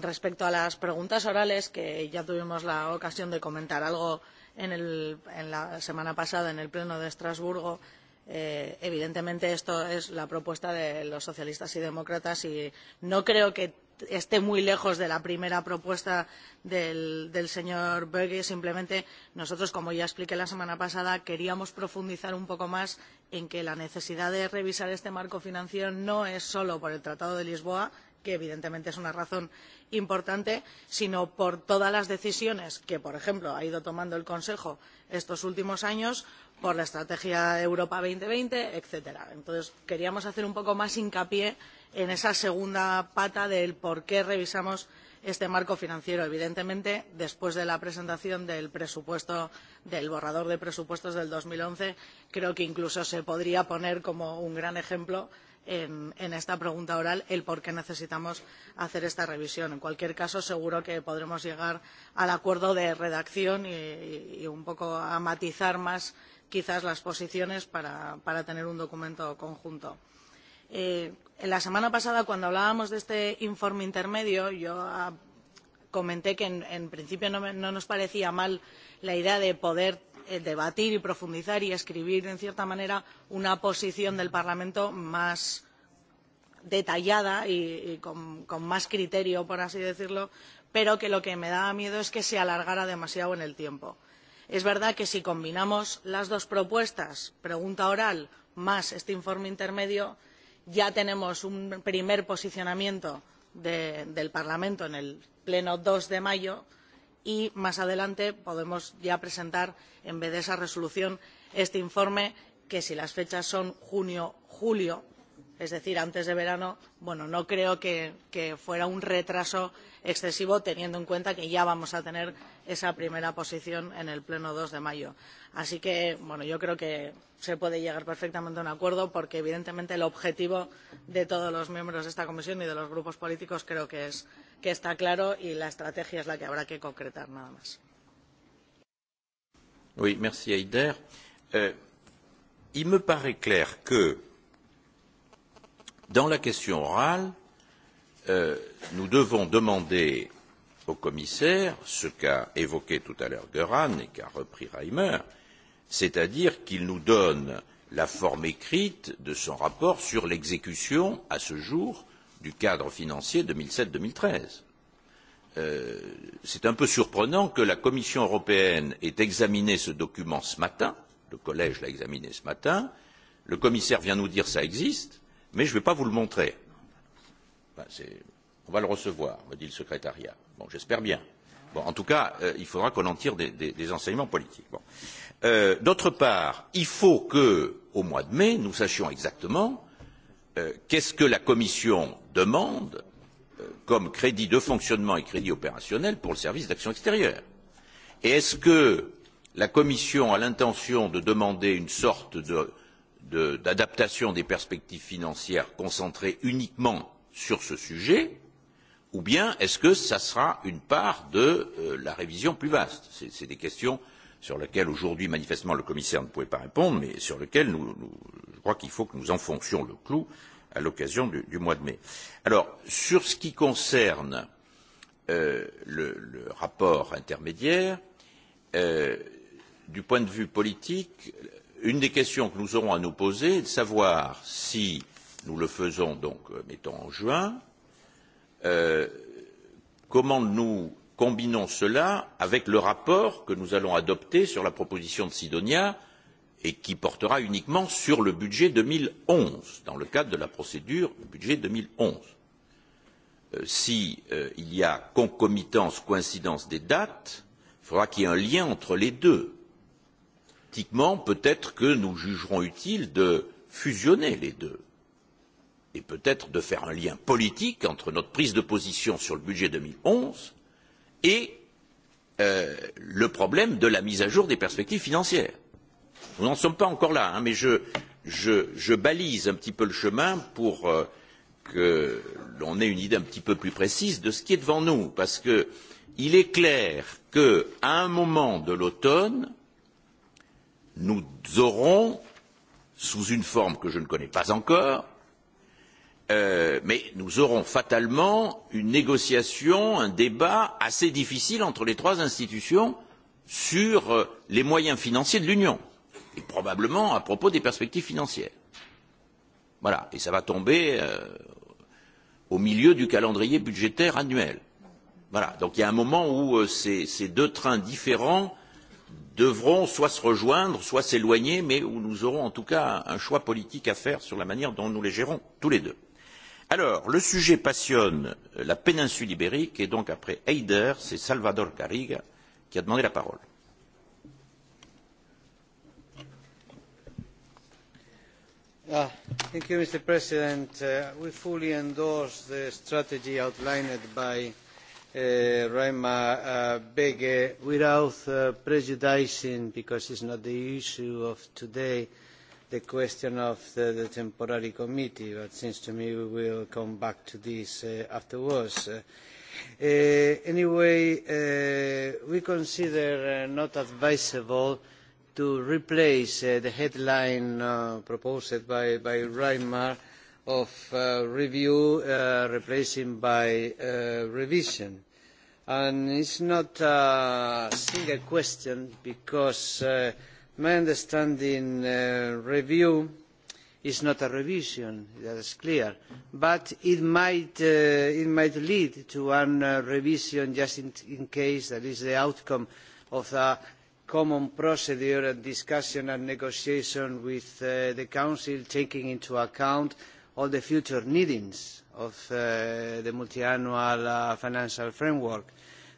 respecto a las preguntas orales que ya tuvimos la ocasión de comentar algo la semana pasada en el pleno de estrasburgo eh, evidentemente esto es la propuesta de los socialistas y demócratas y no creo que esté muy lejos de la primera propuesta del, del señor Berger. Simplemente nosotros, como ya expliqué la semana pasada, queríamos profundizar un poco más en que la necesidad de revisar este marco financiero no es solo por el Tratado de Lisboa, que evidentemente es una razón importante, sino por todas las decisiones que, por ejemplo, ha ido tomando el Consejo estos últimos años, por la Estrategia Europa 2020, etcétera. Entonces, queríamos hacer un poco más hincapié en esa segunda pata del por qué revisamos este marco financiero. Evidentemente, después de la presentación del presupuesto, del borrador de presupuestos del 2011, creo que incluso se podría poner como un gran ejemplo en, en esta pregunta oral el por qué necesitamos hacer esta revisión. En cualquier caso, seguro que podremos llegar al acuerdo de redacción y, y, y un poco a matizar más quizás las posiciones para, para tener un documento conjunto eh, la semana pasada, cuando hablábamos de este informe intermedio, yo ah, comenté que en, en principio no, me, no nos parecía mal la idea de poder eh, debatir y profundizar y escribir, en cierta manera, una posición del Parlamento más detallada y, y con, con más criterio, por así decirlo, pero que lo que me daba miedo es que se alargara demasiado en el tiempo. Es verdad que si combinamos las dos propuestas, pregunta oral más este informe intermedio, ya tenemos un primer posicionamiento del parlamento en el pleno de dos de mayo y más adelante podemos ya presentar en vez de esa resolución este informe que si las fechas son junio julio es decir, antes de verano, bueno, no creo que, que fuera un retraso excesivo teniendo en cuenta que ya vamos a tener esa primera posición en el pleno 2 de mayo. Así que, bueno, yo creo que se puede llegar perfectamente a un acuerdo porque evidentemente el objetivo de todos los miembros de esta comisión y de los grupos políticos creo que, es, que está claro y la estrategia es la que habrá que concretar nada más. Oui, merci Aider. Euh, il me paraît clair que dans la question orale, euh, nous devons demander au commissaire ce qu'a évoqué tout à l'heure Göran et qu'a repris Reimer, c'est-à-dire qu'il nous donne la forme écrite de son rapport sur l'exécution à ce jour du cadre financier 2007-2013. Euh, c'est un peu surprenant que la Commission européenne ait examiné ce document ce matin, le collège l'a examiné ce matin, le commissaire vient nous dire ça existe, mais je ne vais pas vous le montrer. On va le recevoir, me dit le secrétariat. Bon, j'espère bien. Bon, en tout cas, euh, il faudra qu'on en tire des, des, des enseignements politiques. Bon. Euh, D'autre part, il faut que, au mois de mai, nous sachions exactement euh, qu'est ce que la Commission demande euh, comme crédit de fonctionnement et crédit opérationnel pour le service d'action extérieure. Et est ce que la Commission a l'intention de demander une sorte de euh, d'adaptation de, des perspectives financières concentrée uniquement sur ce sujet ou bien est-ce que ça sera une part de euh, la révision plus vaste C'est des questions sur lesquelles aujourd'hui manifestement le commissaire ne pouvait pas répondre mais sur lesquelles nous, nous, je crois qu'il faut que nous enfoncions le clou à l'occasion du, du mois de mai. Alors, sur ce qui concerne euh, le, le rapport intermédiaire, euh, du point de vue politique, une des questions que nous aurons à nous poser est de savoir si nous le faisons donc euh, mettons en juin euh, comment nous combinons cela avec le rapport que nous allons adopter sur la proposition de Sidonia et qui portera uniquement sur le budget 2011, dans le cadre de la procédure budget 2011. Euh, si euh, il y a concomitance, coïncidence des dates, il faudra qu'il y ait un lien entre les deux politiquement, peut être que nous jugerons utile de fusionner les deux et peut être de faire un lien politique entre notre prise de position sur le budget deux mille onze et euh, le problème de la mise à jour des perspectives financières. Nous n'en sommes pas encore là, hein, mais je, je, je balise un petit peu le chemin pour euh, que l'on ait une idée un petit peu plus précise de ce qui est devant nous, parce qu'il est clair qu'à un moment de l'automne, euh, nous aurons, sous une forme que je ne connais pas encore, euh, mais nous aurons fatalement une négociation, un débat assez difficile entre les trois institutions sur euh, les moyens financiers de l'Union, et probablement à propos des perspectives financières. Voilà, et ça va tomber euh, au milieu du calendrier budgétaire annuel. Voilà, donc il y a un moment où euh, ces, ces deux trains différents devront soit se rejoindre, soit s'éloigner, mais où nous aurons en tout cas un choix politique à faire sur la manière dont nous les gérons tous les deux. Alors, le sujet passionne la péninsule ibérique, et donc après Heider, c'est Salvador Garriga qui a demandé la parole. Ah, thank you, Mr. President. Uh, we fully endorse the strategy outlined by Uh, roma uh, bge uh, without prejudicing because it is not the issue of today the question of the temporary committee but it seems to me we will come back to this afterwards. anyway we consider it not advisable to replace the headline proposed by roma of uh, review uh, replacing by uh, revision. And it's not uh, a single question because uh, my understanding uh, review is not a revision, that is clear. But it might, uh, it might lead to a uh, revision just in, in case that is the outcome of a common procedure and discussion and negotiation with uh, the Council taking into account all the future needs of uh, the multiannual uh, financial framework.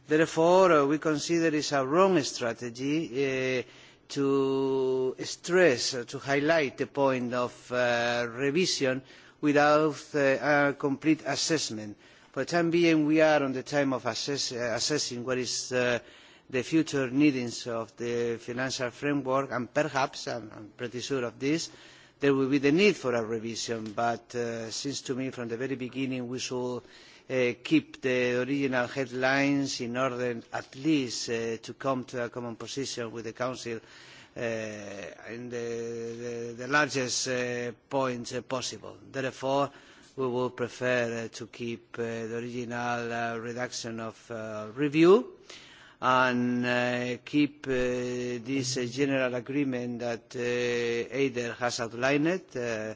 therefore uh, we consider it is a wrong strategy to stress to highlight the point of revision without a complete assessment. for the time being we are in the time of assess assessing what is the future needs of the financial framework and perhaps i am pretty sure of this there will be the need for a revision but it uh, seems to me that from the very beginning we should uh, keep the original headlines in order at least uh, to come to a common position with the council on the largest points possible. therefore we would prefer to keep the original reduction of review as and uh, keep uh, this uh, general agreement that uh, EIDER has outlined uh,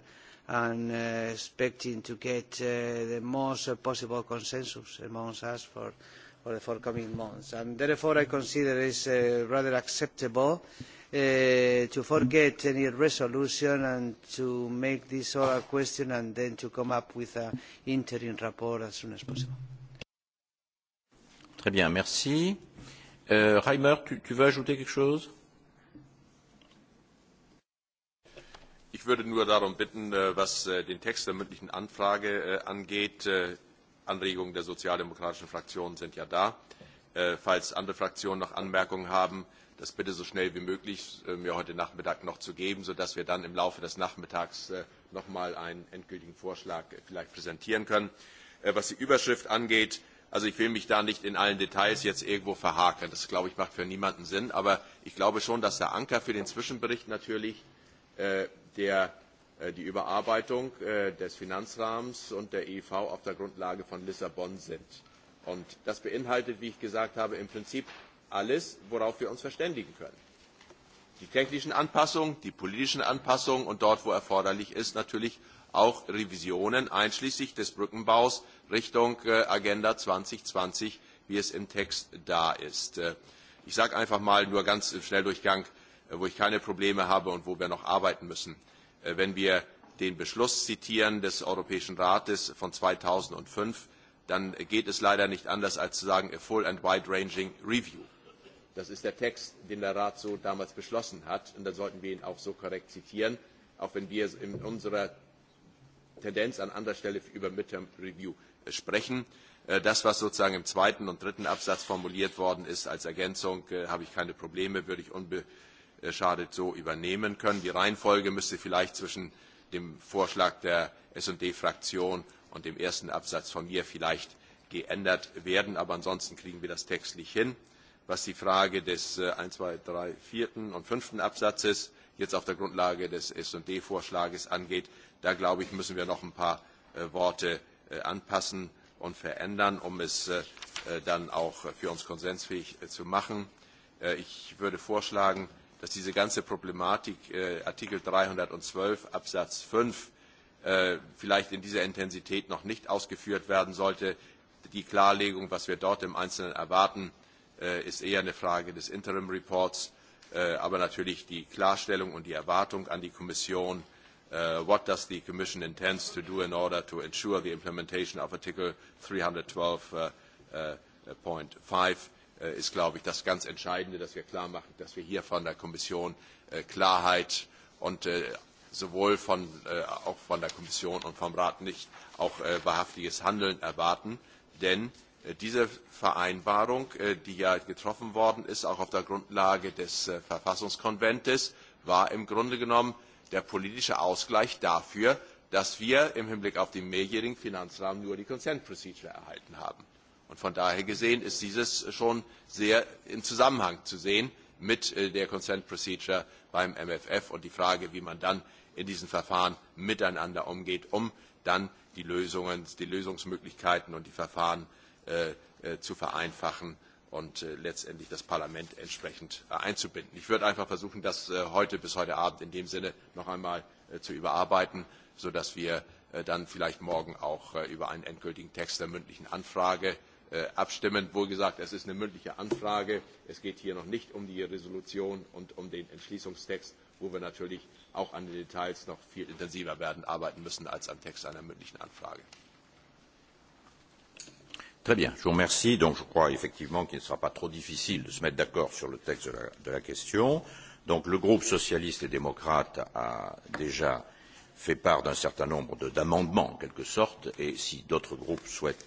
and uh, expecting to get uh, the most uh, possible consensus amongst us for, for the forthcoming months. And therefore, I consider it is uh, rather acceptable uh, to forget any resolution and to make this oral question and then to come up with an interim report as soon as possible. Très bien, merci. Euh, Reimer, tu, tu veux ajouter quelque chose Ich würde nur darum bitten, äh, was äh, den Text der mündlichen Anfrage äh, angeht, Anregungen der sozialdemokratischen Fraktionen sind ja da. Falls andere Fraktionen noch Anmerkungen haben, das bitte so schnell wie möglich mir heute Nachmittag noch zu geben, sodass wir dann im Laufe des Nachmittags noch einmal einen endgültigen Vorschlag vielleicht präsentieren können. Was die Überschrift angeht, Also ich will mich da nicht in allen Details jetzt irgendwo verhaken. Das, glaube ich, macht für niemanden Sinn. Aber ich glaube schon, dass der Anker für den Zwischenbericht natürlich äh, der, äh, die Überarbeitung äh, des Finanzrahmens und der EV auf der Grundlage von Lissabon sind. Und das beinhaltet, wie ich gesagt habe, im Prinzip alles, worauf wir uns verständigen können. Die technischen Anpassungen, die politischen Anpassungen und dort, wo erforderlich ist, natürlich auch Revisionen einschließlich des Brückenbaus, Richtung äh, Agenda 2020, wie es im Text da ist. Äh, ich sage einfach mal nur ganz im Schnelldurchgang, äh, wo ich keine Probleme habe und wo wir noch arbeiten müssen. Wenn wir den Beschluss zitieren des Europäischen Rates von 2005, dann geht es leider nicht anders, als zu sagen, a full and wide-ranging review. Das ist der Text, den der Rat so damals beschlossen hat. Und da sollten wir ihn auch so korrekt zitieren, auch wenn wir in unserer Tendenz an anderer Stelle über Midterm Review äh, sprechen. Äh, das, was sozusagen im zweiten und dritten Absatz formuliert worden ist als Ergänzung, äh, habe ich keine Probleme, würde ich unbeschadet so übernehmen können. Die Reihenfolge müsste vielleicht zwischen dem Vorschlag der S&D-Fraktion und dem ersten Absatz von mir vielleicht geändert werden, aber ansonsten kriegen wir das textlich hin. Was die Frage des 1, 2, 3, 4. und 5. Absatzes jetzt auf der Grundlage des S&D-Vorschlages angeht. Da, glaube ich, müssen wir noch ein paar äh, Worte äh, anpassen und verändern, um es äh, äh, dann auch für uns konsensfähig äh, zu machen. Äh, ich würde vorschlagen, dass diese ganze Problematik äh, Artikel 312 Absatz 5 äh, vielleicht in dieser Intensität noch nicht ausgeführt werden sollte. Die Klarlegung, was wir dort im Einzelnen erwarten, äh, ist eher eine Frage des Interim Reports. Äh, Äh, aber natürlich die Klarstellung und die Erwartung an die Kommission, uh, what does the Commission intends to do in order to ensure the implementation of Article 312.5, uh, uh, uh, ist, glaube ich, das ganz Entscheidende, dass wir klar machen, dass wir hier von der Kommission uh, Klarheit und uh, sowohl von, uh, auch von der Kommission und vom Rat nicht auch uh, wahrhaftiges Handeln erwarten, denn Äh, diese Vereinbarung, äh, die ja getroffen worden ist, auch auf der Grundlage des äh, Verfassungskonventes, war im Grunde genommen der politische Ausgleich dafür, dass wir im Hinblick auf den mehrjährigen Finanzrahmen nur die Consent Procedure erhalten haben. Und von daher gesehen ist dieses schon sehr in Zusammenhang zu sehen mit der Consent Procedure beim MFF und die Frage, wie man dann in diesen Verfahren miteinander umgeht, um dann die, Lösungen, die Lösungsmöglichkeiten und die Verfahren Äh, äh, zu vereinfachen und äh, letztendlich das Parlament entsprechend einzubinden. Ich würde einfach versuchen, das heute bis heute Abend in dem Sinne noch einmal zu überarbeiten, sodass wir dann vielleicht morgen auch über einen endgültigen Text der mündlichen Anfrage abstimmen. Wohlgesagt, es ist eine mündliche Anfrage. Es geht hier noch nicht um die Resolution und um den Entschließungstext, wo wir natürlich auch an den Details noch viel intensiver werden arbeiten müssen als am Text einer mündlichen Anfrage. Très bien, je vous remercie. Donc je crois effectivement qu'il ne sera pas trop difficile de se mettre d'accord sur le texte de la, de la question. Donc le groupe socialiste et démocrate a déjà fait part d'un certain nombre d'amendements en quelque sorte, et si d'autres groupes souhaitent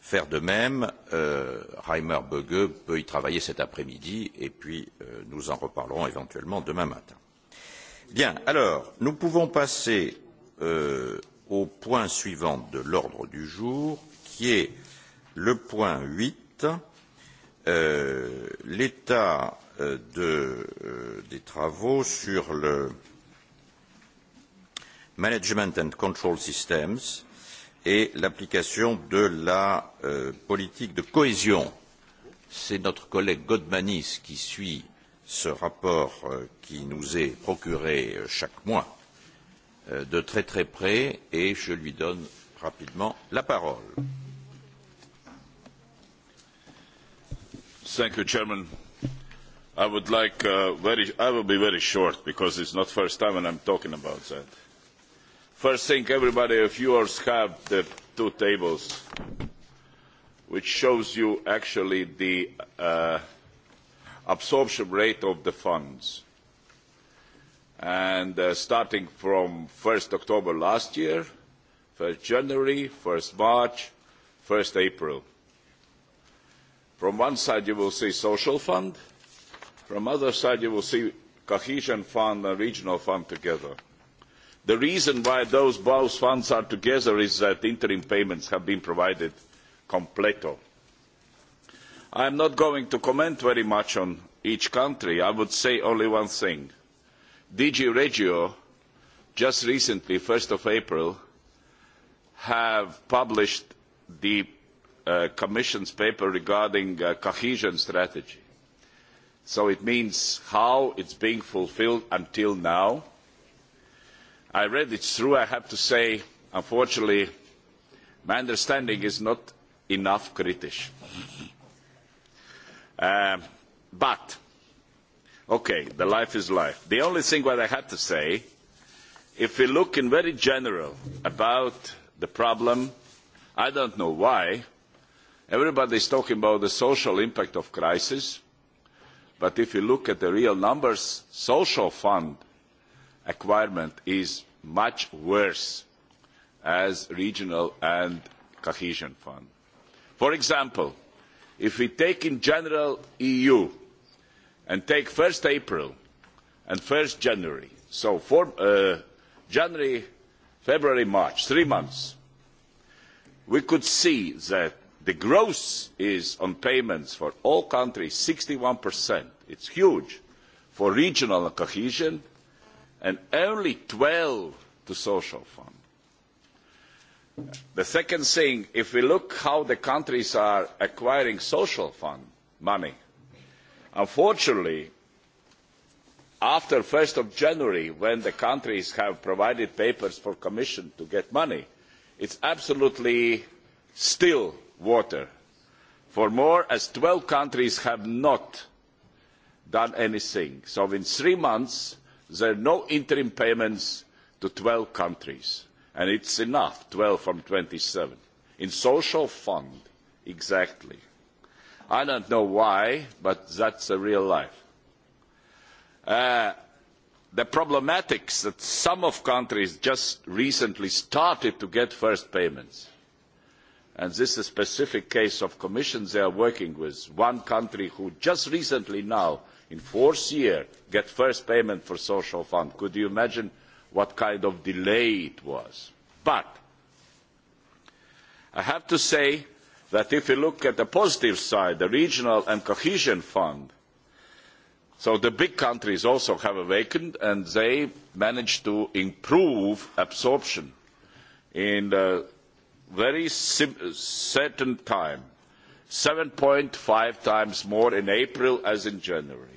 faire de même, euh, Reimer Böge peut y travailler cet après-midi, et puis euh, nous en reparlerons éventuellement demain matin. Bien, alors, nous pouvons passer euh, au point suivant de l'ordre du jour, qui est le point huit euh, l'état euh, euh, des travaux sur le management and control systems et l'application de la politique de cohésion. C'est notre collègue Godmanis qui suit ce rapport qui nous est procuré chaque mois de très très près et je lui donne rapidement la parole. Merci. i would uh, be very short because it is not the first time i am talking about that. first thing everybody if you have the two tables which shows you actually the uh, absorption rate of the funds and uh, starting from first october last year first january first march first april from one side you will see social fund, from other side you will see cohesion fund and regional fund together. The reason why those both funds are together is that interim payments have been provided completo. I am not going to comment very much on each country. I would say only one thing. DG Regio, just recently, 1st of April, have published the Uh, commission's paper regarding uh, cohesion strategy. So it means how it's being fulfilled until now. I read it through. I have to say, unfortunately, my understanding is not enough critical. um, but, okay, the life is life. The only thing what I have to say, if we look in very general about the problem, I don't know why, everybody is talking about the social impact of crisis but if you look at the real numbers social fund acquirement is much worse as regional and cohesion fund for example if we take in general eu and take 1st april and 1st january so for uh, january february march 3 months we could see that The growth is on payments for all countries, 61%. It's huge for regional cohesion and only 12 to social fund. The second thing, if we look how the countries are acquiring social fund money, unfortunately, after 1st of January, when the countries have provided papers for commission to get money, it's absolutely still water for more as 12 countries have not done anything so in 3 months there are no interim payments to 12 countries and it's enough 12 from 27 in social fund exactly i don't know why but that's a real life uh, the problematics that some of countries just recently started to get first payments and this is a specific case of commissions they are working with one country who just recently now in fourth year get first payment for social fund could you imagine what kind of delay it was but i have to say that if you look at the positive side the regional and cohesion fund so the big countries also have awakened and they managed to improve absorption in the very uh, certain time, 7.5 times more in April as in January.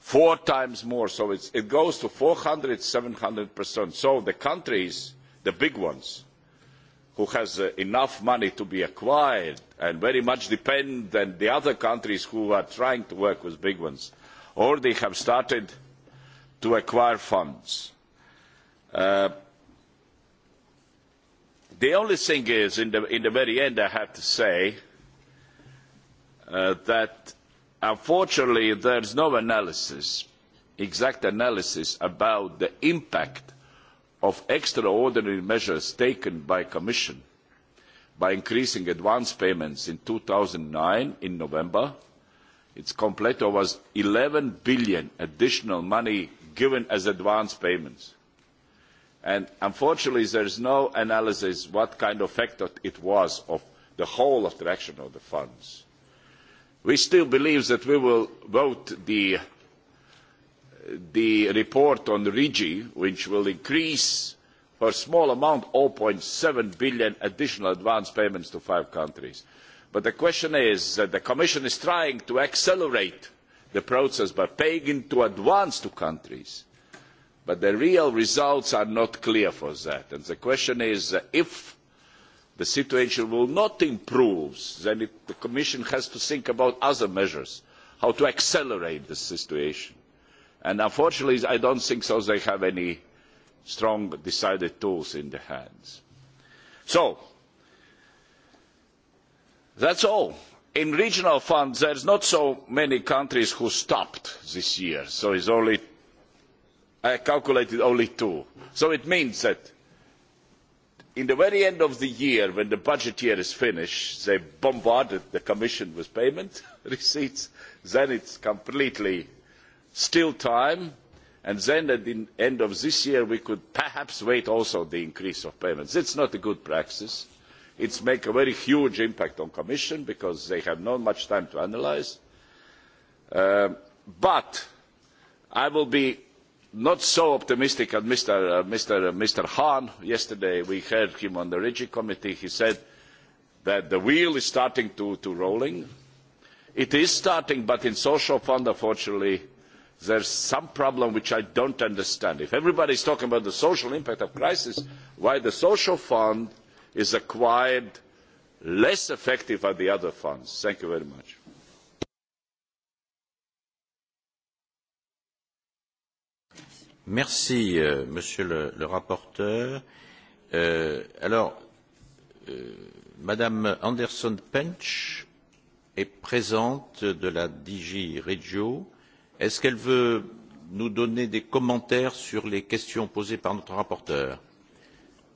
Four times more, so it's, it goes to 400, 700 percent. So the countries, the big ones, who has uh, enough money to be acquired and very much depend on the other countries who are trying to work with big ones, already have started to acquire funds. Uh, The only thing is, in the, in the very end, I have to say uh, that unfortunately there is no analysis, exact analysis, about the impact of extraordinary measures taken by Commission by increasing advance payments in 2009, in November. It's complete, it was 11 billion additional money given as advance payments. Unfortunately, there is no analysis what kind of factor it was of the whole attraction of the funds. We still believe that we will vote the, the report on RIGI, which will increase for a small amount 0.7 billion additional advance payments to five countries. But the question is that the Commission is trying to accelerate the process by paying into advance to countries but the real results are not clear for that. And the question is, uh, if the situation will not improve, then it, the Commission has to think about other measures, how to accelerate the situation. And unfortunately, I don't think so they have any strong, decided tools in their hands. So, that's all. In regional funds, there's not so many countries who stopped this year, so it's only i calculated only two so it means that at the very end of the year when the budget year is finished they bombarded the commission with payment receipts then it's completely still time and then at the end of this year we could perhaps wait also the increase of payments. it's not a good practice. it makes a very huge impact on commission because they have not much time to analyse. Uh, but i will be not so optimistic as mr uh, uh, hahn yesterday we heard him on the regi committee he said that the wheel is starting to roll. it is starting but in the social fund unfortunately there is some problem which i do not understand. if everybody is talking about the social impact of crisis why is the social fund acquired less effective than the other funds? thank you very much. Merci, euh, Monsieur le, le rapporteur. Euh, alors, euh, Madame Anderson Pench est présente de la DG Regio. Est-ce qu'elle veut nous donner des commentaires sur les questions posées par notre rapporteur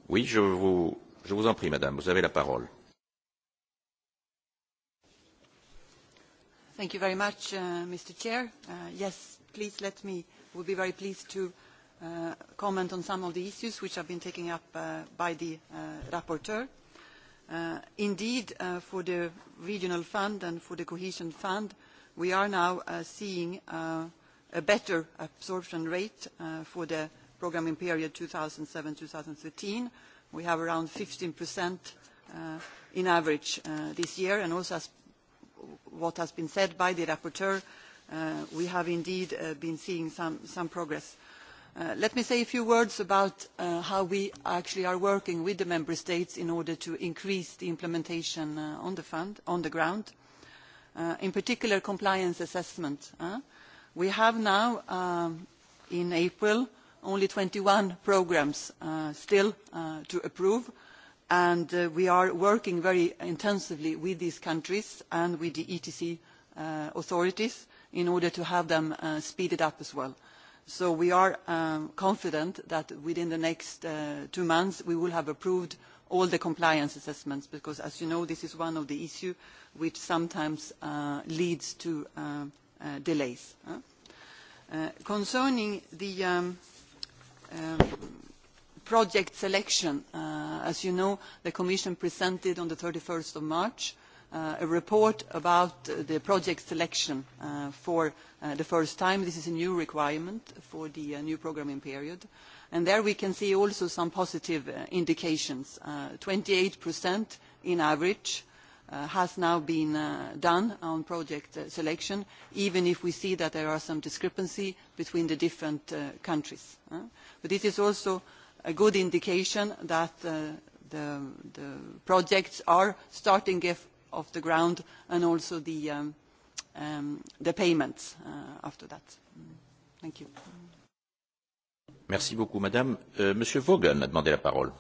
Oui, je vous, je vous en prie, Madame, vous avez la parole. Thank you very much, uh, Mr. Chair. Uh, yes, please let me uh, will be very pleased to uh, comment on some of the issues which have been taken up uh, by the uh, rapporteur. Uh, indeed, uh, for the regional fund and for the cohesion fund, we are now uh, seeing uh, a better absorption rate uh, for the programming period 2007-2013. We have around 15% uh, in average uh, this year, and also as what has been said by the rapporteur, uh, Uh, we have indeed uh, been seeing some, some progress. Uh, let me say a few words about uh, how we actually are working with the member states in order to increase the implementation uh, on, the fund, on the ground. Uh, in particular, compliance assessment. Uh, we have now, um, in April, only 21 programs uh, still uh, to approve, and uh, we are working very intensively with these countries and with the ETC uh, authorities in order to have them uh, speeded up as well. We are um, confident that within the next uh, two months, we will have approved all the compliance assessments, because as you know, this is one of the issue which sometimes uh, leads to delays. Concerning the um, um, project selection, as you know, the Commission presented on the 31st of March Uh, a report about the project selection uh, for uh, the first time. This is a new requirement for the uh, new programming period. And there we can see also some positive uh, indications. 28% uh, in average uh, has now been uh, done on project uh, selection, even if we see that there are some discrepancy between the different uh, countries. Uh, but this is also a good indication that uh, the, the projects are starting to get of the ground and also the, um, um, the payments uh, after that. Mm. Thank you. Merci beaucoup, Madame. Uh, Monsieur Vaughan a demandé la parole.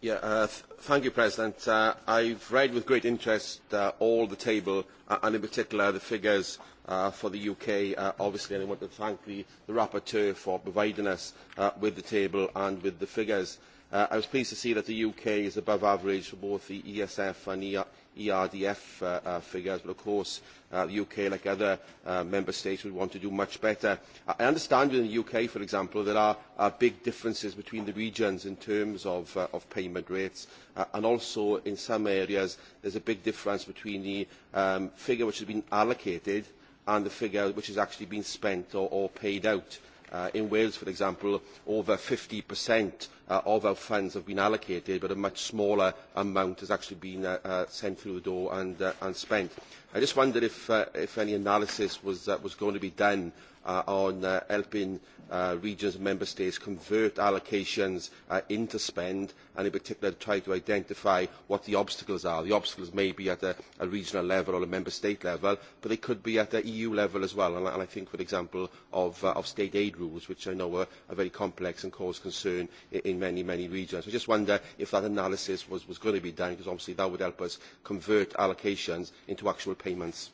Yeah, uh, th thank you, President. Uh, I've read with great interest uh, all the table, uh, and in particular the figures uh, for the UK. Uh, obviously, I want to thank the, the rapporteur for providing us uh, with the table and with the figures. Uh, i was pleased to see that the uk is above average for both the esf and erdf e uh, uh, figures but of course uh, the uk like other uh, member states would want to do much better i understand in the uk for example there are uh, big differences between the regions in terms of uh, of payment rates uh, and also in some areas there's a big difference between the um, figure which has been allocated and the figure which has actually been spent or, or paid out uh, in wales for example over 50% uh, of our funds have been allocated, but a much smaller amount has actually been uh, uh, sent through the door and, uh, and spent. I just wonder if, uh, if any analysis was, uh, was going to be done uh, on uh, helping uh, regions and member states convert allocations uh, into spend, and in particular try to identify what the obstacles are. The obstacles may be at a, a regional level or a member state level, but they could be at the EU level as well. And, and I think, for example, of, uh, of state aid rules, which I know are, are very complex and cause concern in, in in many, many regions. I just wonder if that analysis was, was going to be done, because obviously that would help us convert allocations into actual payments.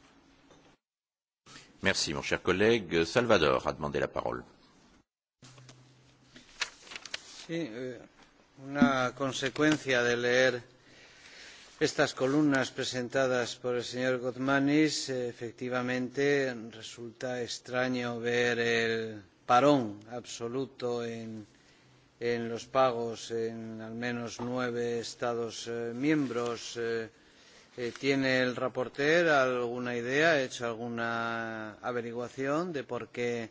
Merci, mon cher collègue. Salvador a demandé la parole. Sí, eh, una consecuencia de leer estas columnas presentadas por el señor Gotmanis, efectivamente resulta extraño ver el parón absoluto en en los pagos en al menos nueve estados eh, miembros. Eh, eh, ¿Tiene el reporte alguna idea, ha hecho alguna averiguación de por qué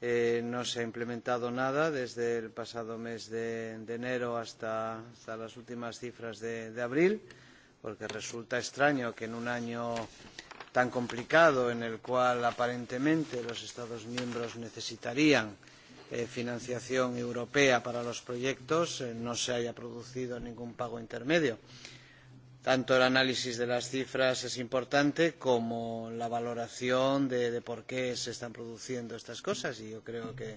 eh, no se ha implementado nada desde el pasado mes de, de enero hasta, hasta las últimas cifras de, de abril? Porque resulta extraño que en un año tan complicado en el cual aparentemente los Estados miembros necesitarían Eh, financiación europea para los proyectos eh, no se haya producido ningún pago intermedio. Tanto el análisis de las cifras es importante como la valoración de, de por qué se están produciendo estas cosas. Y yo creo que,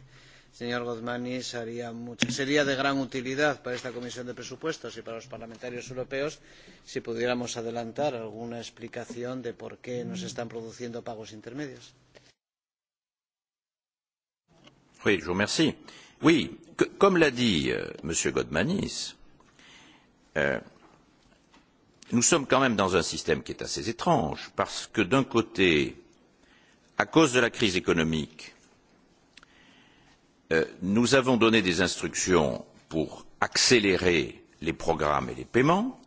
señor Gozmani, sería, mucho, sería de gran utilidad para esta Comisión de Presupuestos y para los parlamentarios europeos si pudiéramos adelantar alguna explicación de por qué no se están produciendo pagos intermedios. Oui, je vous remercie. Oui, que, comme l'a dit euh, M. Godmanis, euh, nous sommes quand même dans un système qui est assez étrange, parce que d'un côté, à cause de la crise économique, euh, nous avons donné des instructions pour accélérer les programmes et les paiements.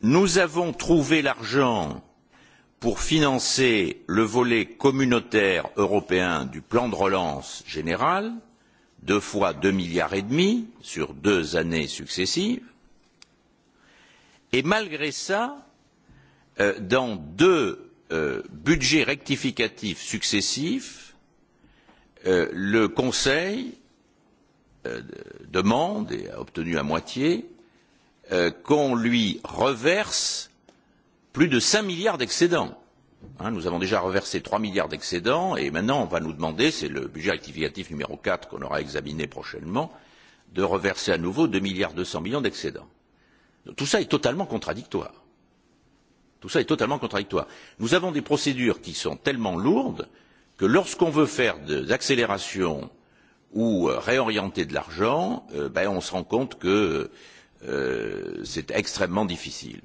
Nous avons trouvé l'argent pour financer le volet communautaire européen du plan de relance général, deux fois deux milliards et demi sur deux années successives, et malgré ça, euh, dans deux euh, budgets rectificatifs successifs, euh, le Conseil euh, demande et a obtenu à moitié euh, qu'on lui reverse euh, plus de 5 milliards d'excédents. Hein, nous avons déjà reversé 3 milliards d'excédents et maintenant on va nous demander, c'est le budget rectificatif numéro 4 qu'on aura examiné prochainement, de reverser à nouveau 2 milliards 200 millions d'excédents. Tout ça est totalement contradictoire. Tout ça est totalement contradictoire. Nous avons des procédures qui sont tellement lourdes que lorsqu'on veut faire des accélérations ou euh, réorienter de l'argent, euh, ben on se rend compte que euh, c'est extrêmement difficile.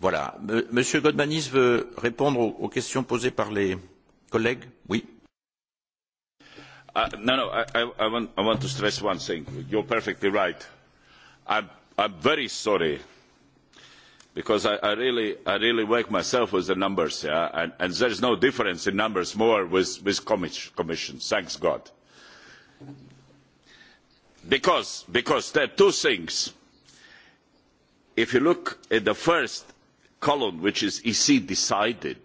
Voilà. Monsieur Godmanis veut répondre aux, aux questions posées par les collègues. Oui. Uh, no, no. I, I, want, I want to stress one thing. You're perfectly right. I'm, I'm very sorry because I, I really, I really work myself with the numbers, yeah, and, and there is no difference in numbers more with with commission. Thanks God. Because, because there are two things. If you look at the first column which is EC decided.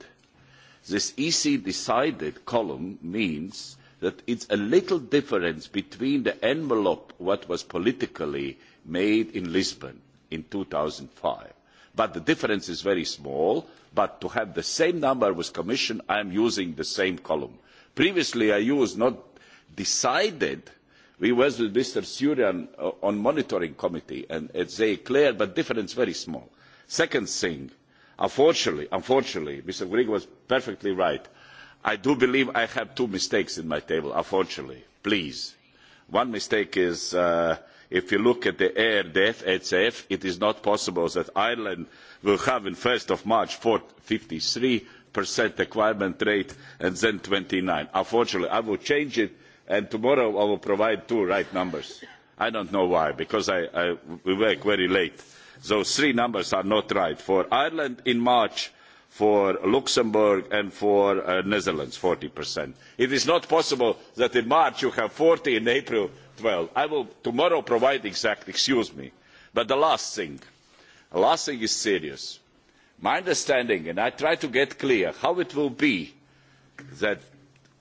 This EC decided column means that it's a little difference between the envelope what was politically made in Lisbon in 2005. But the difference is very small, but to have the same number with Commission, I am using the same column. Previously, I used not decided. We was with Mr. Surian uh, on monitoring committee, and it's very clear, but difference very small. Second thing, unfortunately mr grieg was perfectly right i do believe i have two mistakes on my table unfortunately please. one mistake is uh, if you look at the air defhf it is not possible that ireland will have on one march fifty three acquirement rate and then. twenty nine unfortunately i will change it and tomorrow i will provide two right numbers. i do not know why because we work very late those three numbers are not right. For Ireland in March, for Luxembourg and for uh, Netherlands, 40%. It is not possible that in March you have 40 in April 12. I will tomorrow provide exact, excuse me. But the last thing, the last thing is serious. My understanding, and I try to get clear how it will be that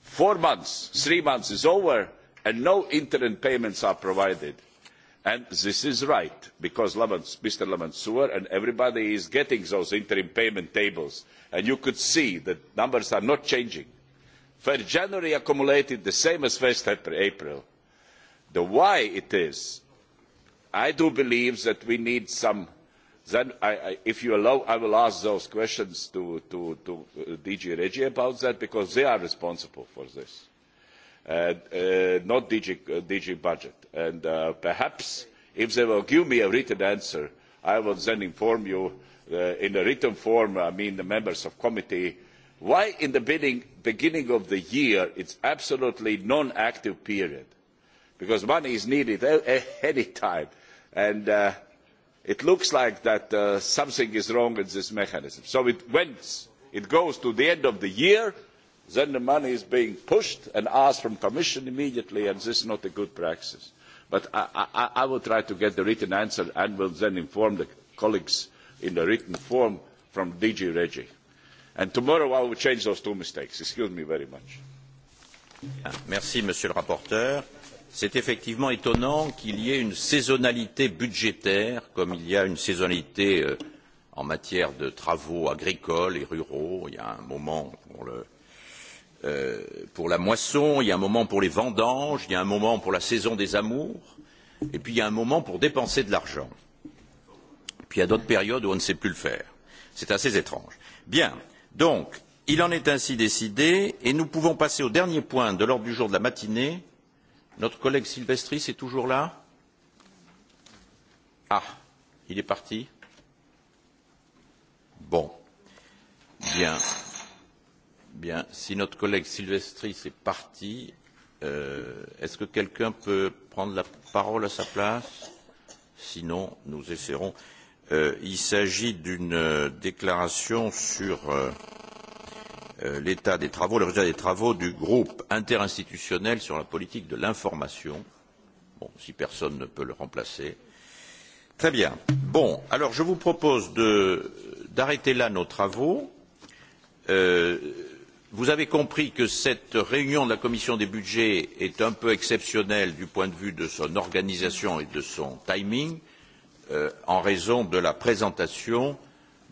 four months, three months is over and no interim payments are provided. And this is right, because Mr. Lamansour and everybody is getting those interim payment tables, and you could see that numbers are not changing. For January accumulated the same as first April. The why it is, I do believe that we need some, then I, I, if you allow, I will ask those questions to, to, to uh, DG Regi about that, because they are responsible for this. Uh, not dg, uh, DG budget. And uh, perhaps if they will give me a written answer, I will then inform you uh, in a written form, I mean the members of committee, why in the beginning, beginning of the year it's absolutely non-active period. Because money is needed any time. And uh, it looks like that uh, something is wrong with this mechanism. So it went, it goes to the end of the year, then the money is being pushed and asked from commission immediately and this is not a good practice. But I, I, I will try to get the written answer and will then inform the colleagues in the written form from DG Regi. And tomorrow I will change those two mistakes. Excuse me very much. Ah, merci, Monsieur le rapporteur. C'est effectivement étonnant qu'il y ait une saisonnalité budgétaire comme il y a une saisonnalité euh, en matière de travaux agricoles et ruraux. Il y a un moment pour le, euh, Euh, pour la moisson, il y a un moment pour les vendanges, il y a un moment pour la saison des amours, et puis il y a un moment pour dépenser de l'argent. Puis il y a d'autres périodes où on ne sait plus le faire. C'est assez étrange. Bien, donc, il en est ainsi décidé, et nous pouvons passer au dernier point de l'ordre du jour de la matinée. Notre collègue Sylvestri, c'est toujours là Ah, il est parti Bon, bien, Bien. Si notre collègue Sylvestri s'est parti, euh, est-ce que quelqu'un peut prendre la parole à sa place Sinon, nous essaierons. Euh, il s'agit d'une euh, déclaration sur euh, euh, l'état des travaux, le résultat des travaux du groupe interinstitutionnel sur la politique de l'information. Bon, si personne ne peut le remplacer. Très bien. Bon, alors je vous propose d'arrêter là nos travaux. Euh, vous avez compris que cette réunion de la commission des budgets est un peu exceptionnelle du point de vue de son organisation et de son timing euh, en raison de la présentation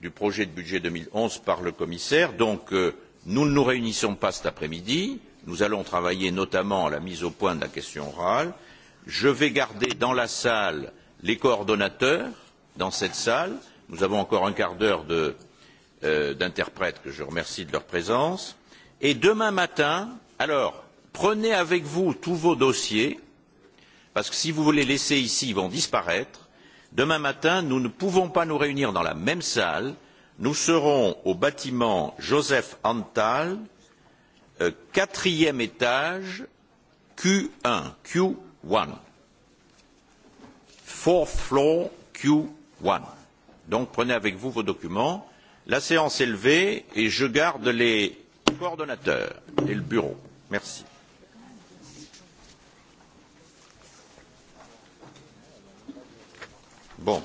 du projet de budget 2011 par le commissaire. Donc, euh, nous ne nous réunissons pas cet après-midi. Nous allons travailler notamment à la mise au point de la question orale. Je vais garder dans la salle les coordonnateurs, dans cette salle. Nous avons encore un quart d'heure euh, d'interprètes euh, que je remercie de leur présence et demain matin prenez avec vous tous vos dossiers parce que si vous les laissez ici ils vont disparaître demain matin nous ne pouvons pas nous réunir dans la même salle nous serons au bâtiment joseph antal euh, quatrième étage q1 q1 fourth floor q1 donc prenez avec vous vos documents la séance est levée et je garde les coordonnateur et le bureau. Merci. Bon.